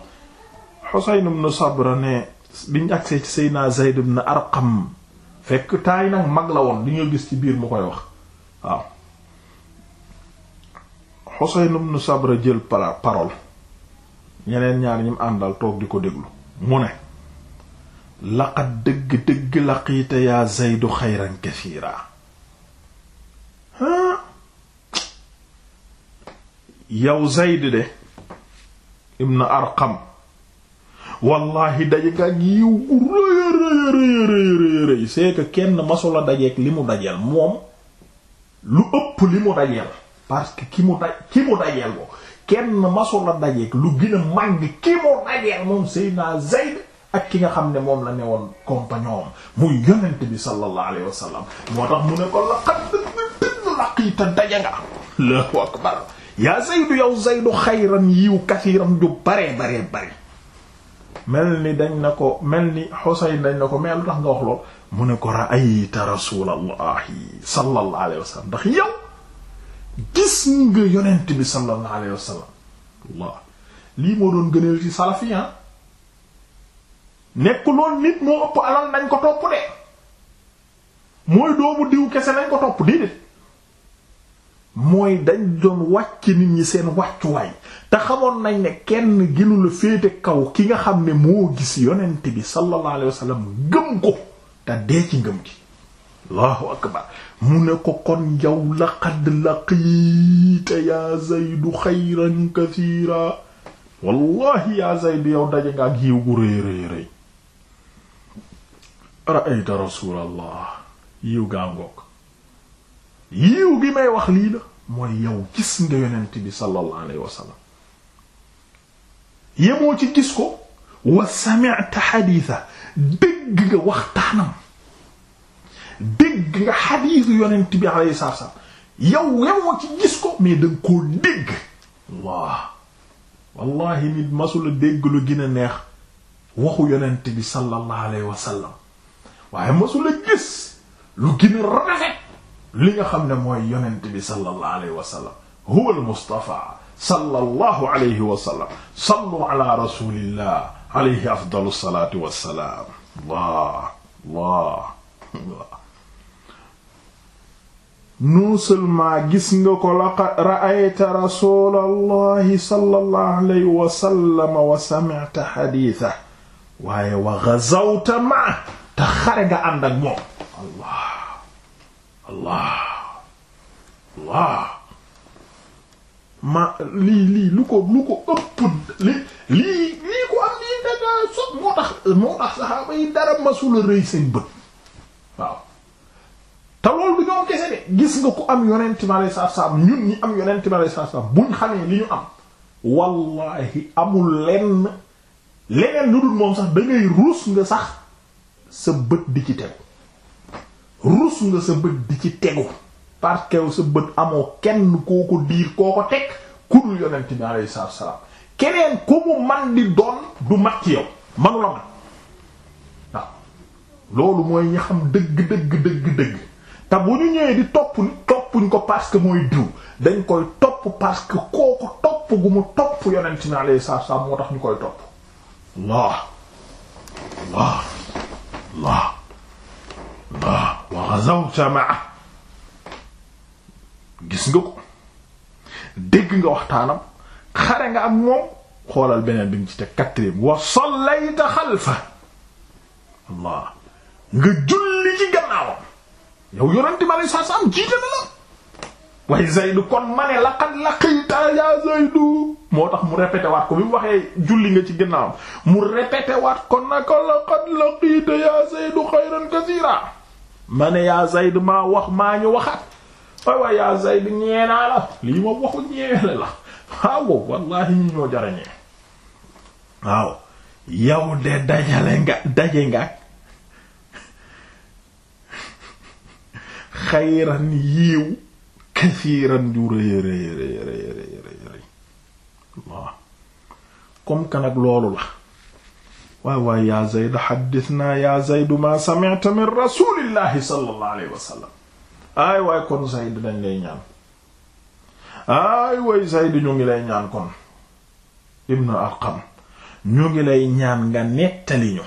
Husayn ibn Sabra ne biñ agsee ci Seydina Zayd ibn Arqam fekk taay nag mag la woon di nga gis ci biir mu koy wax waaw Xuseyn ibn Sabra jël para ñeneen ñaar ñim àndal toog di ko déglu mu ne laqad dëgg dëgg laqiita yaa Zaydu xayran kasiiraa yow Zayd de ibn Arqam wallahi daje nga ak yiw gu rëy a rëy rëy kenn masula dajeek li mu dajeel moom lu ëpp li mu dajeel parce que kii mu daj ki mu dajeel ko kenn masu la dajeeg lu gën a màgg ki mu dajeel moom Seydina Zayd ak ki nga xam ne moom la ne woon compagnon muy yonent bi moo tax mu ne ko laqad laqiita daje nga Allahu akbar yaa Zaydu yow Zaydu xayran yiw kasiiram ju baree bare mel ni dañ na ko mel ni Xuseyn dañ na ko mais lu tax nga wax lool mu ne ko ra'ayta rasulallahi sallallahu alayhi wa sallam ndax yow gis nga yonent bi sallallahu alayhi wa lii moo doon gëneel ci salafi ah nekkuloon nit moo ëpp alal nañ ko topp de mooy doomu diw kese lañ ko topp déedéet mooy dañ doon wàcc nit ñi seen wàccuwaay te xamoon nañ ne kenn ginu la féete kaw ki nga xam ne moo gis yonent bi sallallahu alayhi wa sallam gëm ko te dee ci ngëm gi allahu akbar mu ne ko kon yow laqad laqiita yaa zaydu xayran kasiira wallahi yaa zaydu yow daje nga ak yiw gu rëy rëy rëy ra'ayta rasuulallah yiw gaa ngoog yiw gi may wax lii la mooy yow gis nga yonent bi sallallahu alayhi wa sallam yemoo ci gis ko wa sami'ta xadiisa dégg nga waxtaanam dégg nga xadiisu yonent bi alayhi salaam yow yemoo ci gis ko mais danga koo dégg waa wallahi nit masula dégg lu gën a neex waxu yonent bi sallallahu alayhi wa sallam waaye masula gis lu gën a rafet li nga xam ne mooy yonent bi sallallahu alayhi wa sallam huwa al mustafa sallallahu alayhi wa sallam sallu ala rasulillah alayhi afdalu salatu wassalaam allah allah non seulement gis nga ko laqad ra'ayta rasulallahi sallallahu alayhi wa sallam wa sami'ta xadiisa waaye wa ghazawta ma te xare nga ànd ak moom allah allah allah ma lii lii lu ko lu ko ëpp li lii lii ko am lii daga sot moo tax moo tax saxaaba yi dara masula rëy seen bët waaw te loolu du ñoom kese de gis nga ku am yonent mi alayhi salaatu salaam ñun ñi am yonent mi alayhi salaatu salaam buñ xamee li ñu am wallahi amul lenn leneen lu dul moom sax da ngay ruus nga sax sa bët di ci tegu ruus nga sa bët di ci tegu parce que sa bët amoo kenn koo ko diir koo ko teg ku dul yonent mi alayhi salaatu salaam keneen ku mu man di doon du mat ci yow manula man waaw loolu mooy ñi xam dëgg dëgg dëgg dëgg te bu ñu ñëwee di topp toppuñ ko parce que mooy diw dañ koy topp parce que kooku topp gu mu topp yonent mi alayhi salaatu salaam moo tax ñu koy topp Allah Allah Allah Allah wa ghazawta ma'a gis nga ko dégg nga waxtaanam xare nga am moom xoolal beneen bi mu ci teg quatrième wa sallayta xalfa Allah nga julli ci gannaawam yow yonent ma lay sasam jiite na la waaye Zaydu kon ma ne laqad laqiita ya Zaydu moo tax mu répété waat ko bi mu waxee julli nga ci ginnaawam mu répété waat kon naka laqad laqiita ya Zaydu xayran kasiira ma ne ya Zaydu maa wax maa ñu waxaat waaye waaye ya Zaydu ñeenaa la lii ma waxu ñeewele la waaw wallahi ñu ñoo jarañee waaw yow de dajale nga daje nga xayran yiiw kasiiran ju rëy rëy rëy rëy rëy rëy waaw comme que nag loolu la waaw waay yaa Zayd xaddisnaa yaa Zayd maa sami'ta min rasulillahi sallallahu alayhi wa kon Zayd dañ ñaan aay waay Zayd ñu ngi lay ñaan kon ibnu Arqam ñu ngi lay ñaan nga nettali ñu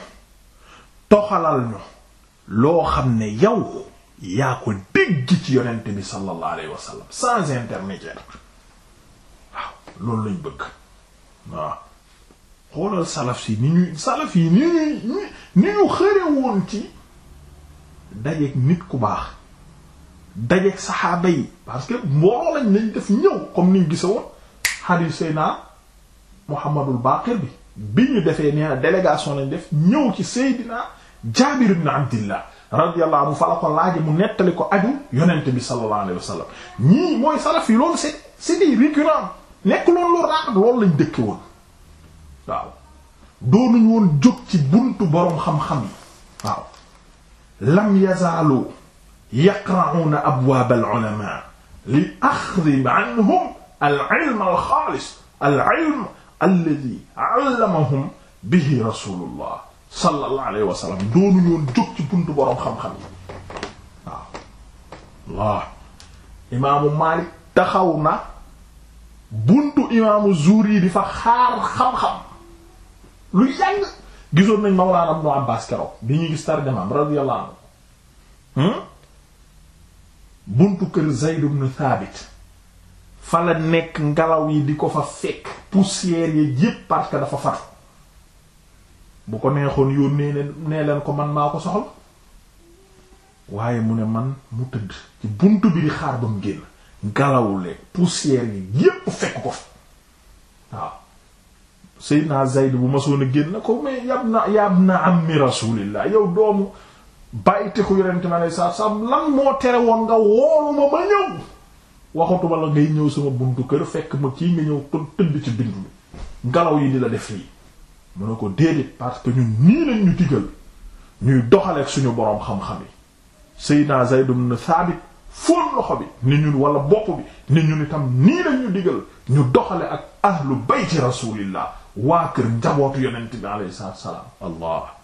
toxalal ñu loo xam ne yow yaa ko dégg ci yonent bi sallallahu alayhi wa sallam sans intermédiaire waaw loolu lañ bëgg waaw xoolal salaf si ni ñuy salaf ñu xëre woon ci dajeeg nit ku baax dajeeg saxaaba parce que mbooloo lañ lañ def ñëw comme niñ gisa woon xadiis Seydina Muhammadul Baqir bi bi ñu defee nee na lañ def ñëw ci Seydina Jaabir ibn Abdillah radiyallahu anhu fa la ko laaje mu nettali ko aju yonent bi sallallahu alayhi wa sallam ñii mooy salaf yi loolu c'est c'est des récurrents nekk loolu lu raar loolu lañ dëkke woon waaw doonuñu woon jóg ci buntu boroom xam-xam yi waaw lam yazaalu yaqra'una abwaab al-ulama li axdi anhum al-ilm al-xaalis al-ilm alladhi allamahum bihi rasulullah sallallahu alayhi wa sallam doonuñu woon jóg ci buntu boroom xam-xam yi waaw waaw imaamu Maalik taxaw na buntu imaamu Zuhri di fa xaar xam-xam lu yàgg gisoon nañ Mawlaana Ibnu Abbaas keroog bi ñuy gis tarjamaam radiyallahu anhu hmm? buntu kër Zayd ibn Thabit fa la nekk ngelaw yi di ko fa fekk poussière yi yépp parce que dafa fatu bu ko neexoon yónnee ne nee leen ko man maa ko soxla waaye mu ne man mu tëdd ci buntu bi di xaar ba mu génn galawule poussière yi yépp fekk ko waaw Seydina Zayd bu masoon a génn ko mais yab na yab na ammi rasulillah yow doomu bàyyite ko yonente mi alei satu salaam lan moo tere woon nga wooluma ma ñëw waxatuma la ngay ñëw sama buntu kër fekk ma kii nga ñëw tëdd ci bindu bi ngalaw yi di la def lii mu ne ko déedéet parce que ñun nii lañ ñu digal doxale doxaleek suñu boroom xam-xam yi Seydina Zayd ibn Thabit fóon loxo bi ni ñun wala bopp bi ni ñun itam nii lañ ñu digal doxale ak ahlu bayti rasulillah waa kër njabootu yonent allah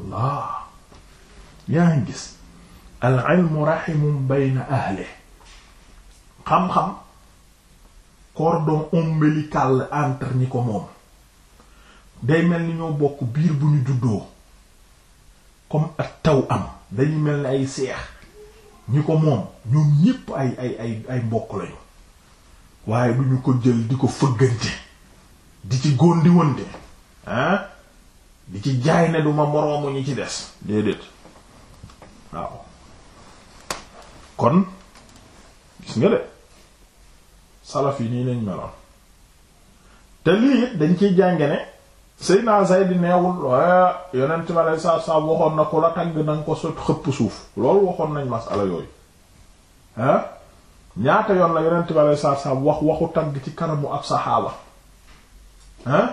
allah yaa ngi gis al ilmu rahimun bayna ahlihi xam-xam cordon ombilical la entre ñi ko moom day mel ni ñoo bokk biir bu ñu juddoo comme ak taw am dañu mel ni ay seex ñi ko moom ñoom ñépp ay ay ay mbokk lañu waaye du ñu ko jël di ko fëggante di ci góondiwante ah di ci jaay ne duma moroomu ñi ci des déedéet waaw kon gis nga de salaf yi nii lañ meloon te lii it dañ ciy jànge ne naa Zayd neewul yonent ma lay saab saab waxoon na ko la tagg na ko sot xëpp suuf loolu waxoon nañ masala yooyu ah ñaata yoon la yonent ma lay saab saab wax waxu tagg ci kanamu ab saxaaba ah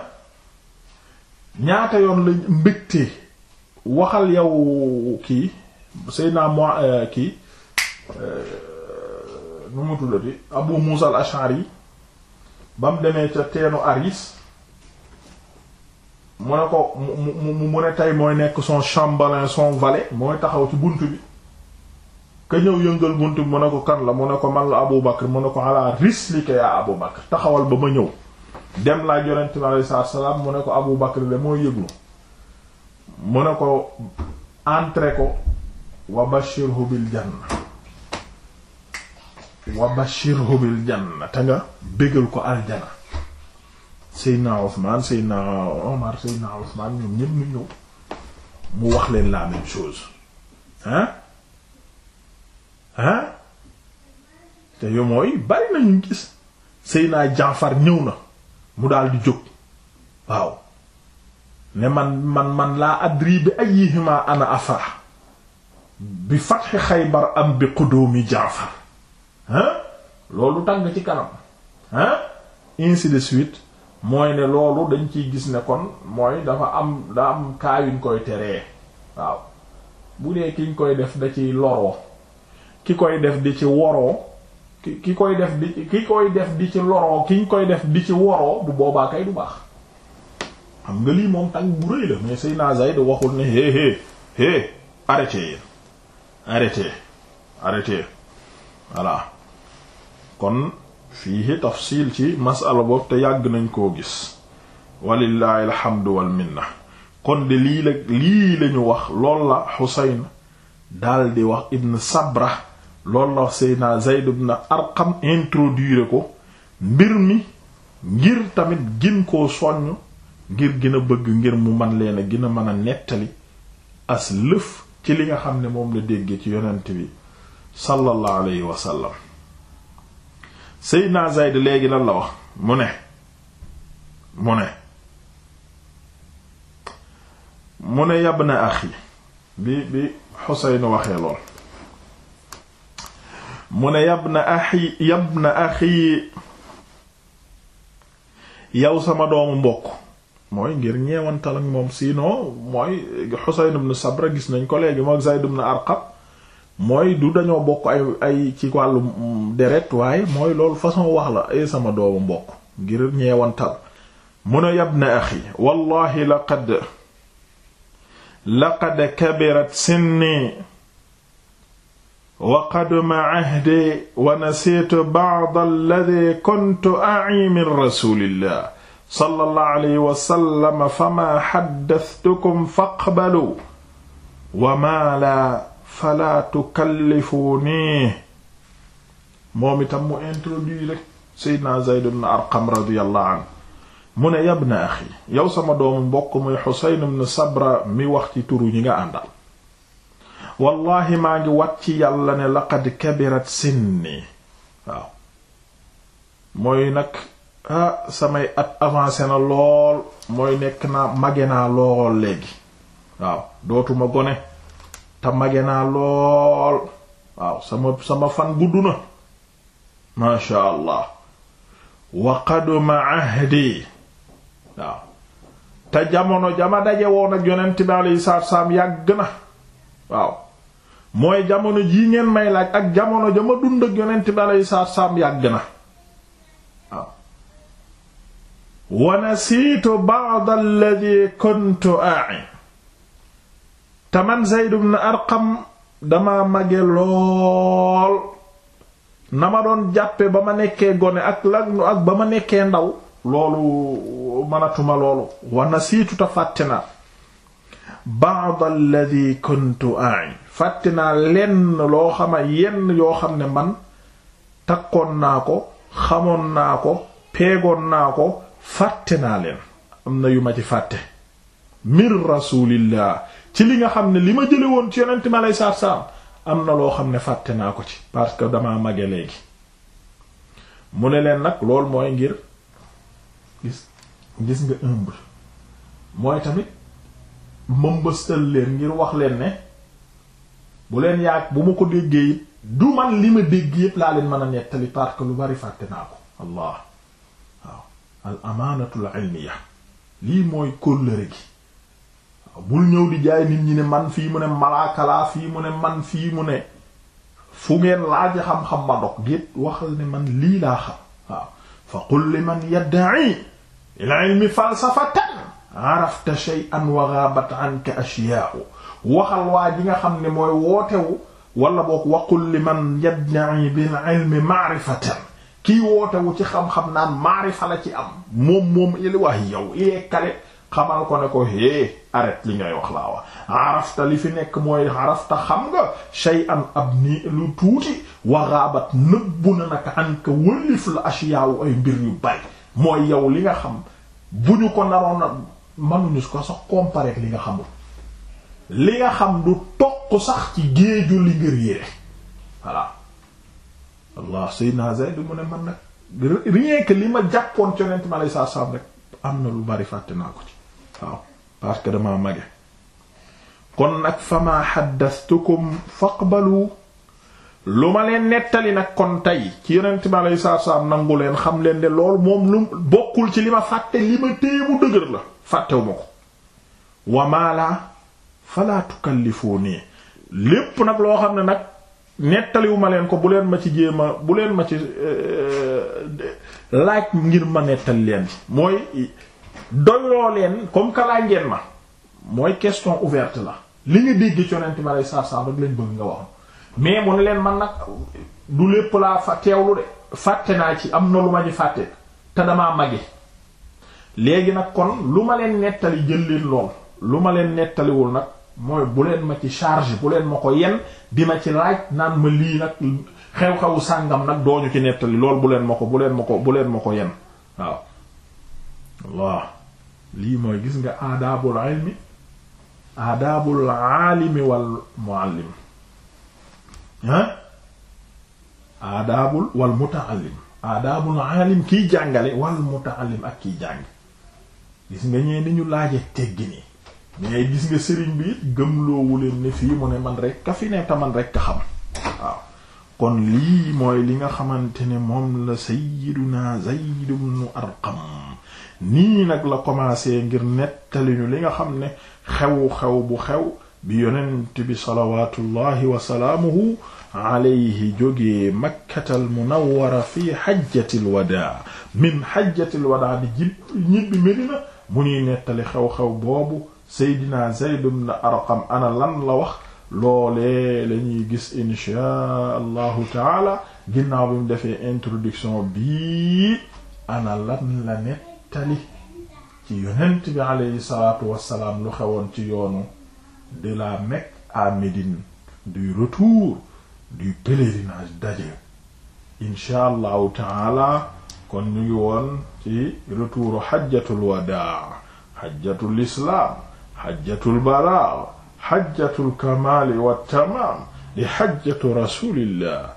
ñaata yoon la mbégte waxal yow kii naa mo kii nu mu tuddati Abu Musa al-Ash'ari ba mu demee ca teenu Aris mu ne ko mu mu mu ne tey mooy nekk son chambellan son valet mooy taxaw ci bunt bi ka ñëw yëngal bunt bi mu ne ko kan la mu ne ko man la Abu Bakr mu ne ko ala rislika yaa Abu Bakr taxawal ba ma ñëw dem laaj yonent bi alayhi salaatu mu ne ko Abu Bakr de mooy yëglu mu ne ko entré ko wa bashirhu bil janna wa bashirhu bil te nga bégal ko aljana seydna Othman seydna Omar mu wax leen la même chose hein hein te yo bari nañu gis seydna Jaafar ñëw na mu daal di jóg waaw ne man man man laa adri bi ayyihima ana afrah bi fathi Xaybar am bi qudumi Jaafar loolu tàng ci kanam hein ainsi de suite mooy ne loolu dañ ciy gis ne kon mooy dafa am da am kaayuñ koy teree waaw bu dee kiñ koy def da ciy loroo ki koy def di ci woroo ki koy def di def di ci loroo kiñ koy def di ci woroo bu boobaa kay du baax xam nga lii moom tàng bu rëy la mais Seydina Zayd waxul ne hé hé hé arrêté yéen arrêté arrêté voilà kon fiihi tafsiil ci masala boobu te yàgg nañ koo gis walillahi alhamdu wal minna kon de lii la lii lañu wax lool la Xuseyn daldi wax ibn Sabra lool la wax Seydina Zayd ibn Arqam introduire ko mbir mi ngir tamit gin koo soññ ngir gën a bëgg ngir mu man leen a gën a mën a nettali as lëf ci li nga xam ne moom la déggee ci yonent bi sallallahu alayhi wa sallam Seydina Zayd léegi lan la wax mu ne mu ne mu ne yabna axi bi bi Xuseyn waxee lool mu ne yabna axi yabna axi yow sama doomu mbokk mooy ngir ñeewantal ak moom sinon mooy Xuseyn ibn Sabra gis nañ ko léegi mook Zayd ibn Arqam mooy du dañoo bokk ay ay ci wàllu deret waaye mooy lool façon wax la ay eh, sama doomu mbokk ngir ñeewantal mun a yab na axi wallahi laqad laqad kabirat sinni wa qaduma ahdi wa nasiitu ba'd alladhi kuntu fama haddathtukum faqbalu wa falaa tukallifuni moom itam mu introduire rek seydna Zayd ibn Arqam radiyallahu anhu mu ne yabna axi yow sama doomu mbokk muy Xuseyn ibn Sabra mi wax ci turu ñi nga àndal wallahi maa ngi wat ci yàlla ne laqad kabirat sinni waaw mooy nag samay at avancé na lool mooy nekk naa mage naa lool léegi waaw dootuma gone te mage naa lool sama fan gudd na ma sha allah wa qaduma ahdi waaw te jamono jama daje woon ak yonent bi alayhi salaatu salaam yàgg na mooy jamono jii ngeen may laaj ak jamono jama dund ak yonent bi alayhi salaatu salaam yàgg na waaw wa nasiitu ba'd kuntu a'i taman man na ibn Arqam dama mage lool na ma doon jàppe ba ma nekkee gone ak lagnu ak ba ma nekkee ndaw loolu manatuma loolu wana siitu te fàtte na ba'd alladhi kuntu a'i fàtte naa leen loo xama yenn yoo xam ne man takkoon naa ko xamoon naa ko peegoon naa ko fàtte naa leen am na yu ma ci fàtte min rasulillah ci li nga xam ne li ma jële woon ci yonent ma lay saar saam am na loo xam ne fàtte naa ko ci parce que damaa mage léegi mu ne leen nag lool mooy ngir gis gis nga humble mooy tamit mëmbastal leen ngir wax leen ne bu leen yaag bu ma ko déggee it du man li ma dégg yépp laa leen mën a nettali parce que lu bari fàtte naa ko allah waaw al amaanatul ilmiya lii mooy kóllëre gi bul ñëw di jaay nit ñi ne man fii mu ne malaaka laa fii mu ne man fii mu ne fu ngeen laaj xam-xam ma dog géet waxal ne man lii laa xam waaw fa qul li man yadda'i al-ilmi falsafatan arafta shay'an wa xam ne mooy wootewu wala boog waqul li man yadda'i bil ilmi ma'rifatan kii wootewu ci xam-xam naan maarifa la ci am moom moom il wax yow il est calé xamal ko ne ko hé arrête li ngay wax laa wax arafta li fi nekk mooy arafta xam nga shay'an ab ni lu tuuti waxaabat nëbbu na naka an wëlif la ashyaawu ay mbir yu bari mooy yow li nga xam bu ñu ko naroon a mënuñu ko sax comparer li nga xamul li nga xam du toq sax ci géeju li ngir yére voilà allah sayyidina Zayd mu ne man nag rien que li ma jàppoon ci yonent mi alayhi salaam rek am na lu bari fàtte naa ko ci waaw parce que dama mage kon nag fama xaddastukum faqbalu lu ma leen nettali nag kon tey ci yonent bi aleyhi salaatu salaam nangu leen xam leen ne lool moom lu bokkul ci li ma fàtte li ma téye mu dëgër la fàttewu ko wa maa laa falaa tukallifuunii lépp nag loo xam ne nag nettaliwu ma leen ko bu leen ma ci jéema bu leen ma ci euh, laaj ngir ma nettali leen mooy doyloo leen comme que laaj ngeen ma mooy question ouverte la li nga dégg ci yonent ma lay saar-saar rek lañ bëgg nga wax mais mu ne leen man nag du lépp laa fa teewlu de fàtte naa ci am na lu ma ñu fàtte te damaa mage léegi nag kon lu ma leen nettali jël leen lool lu ma leen nettaliwul nag mooy bu leen ma ci charge bu leen ma ko yen di ma ci laaj naan ma lii nag xew-xewu sàngam nag dooñu ci nettali lool bu leen ma ko bu leen ma ko bu leen ma ko yen waaw lii mooy gis nga aadaabul ilmi aadaabul aalimi wal muallim ah aadaabul wal mutaallim aadaabul aalim kiy jàngale wal mutaallim ak kiy jàng gis nga ñee ni ñu laaje teggini mais gis nga sëriñ bi it gëmloowu leen ne fii mu ne man rek ka fi ne man rek ka xam kon lii mooy li nga xamante ne moom la sayyiduna Zayd ibn Arqam nii nag la commencé ngir nettali ñu li nga xam ne xew-xew bu xew bi yonent bi salawatullahi wa salaamuhu alayhi jógee makkatal munawwara fi xajjatil wadaa min xajjatil wadaa di jib ñibbi Medina mu ñuy nettali xew-xew boobu Seydina Zayd ibn Arqam ana lan la wax loole la ñuy gis inchaa allahu taala ginnaaw bi mu defee introduction bii ana lan la net nettali ci yonent bi aleyhi salaatu wassalaam lu xewoon ci yoonu de la Mecque à Médine du retour du pèlerinage d'adieu incha allahu taala kon ñu ngi woon ci retouru xajjatul wadaa xajjatul islaam xajjatul balaa xajjatul kamaali wa tamaam di xajjatu rasulillah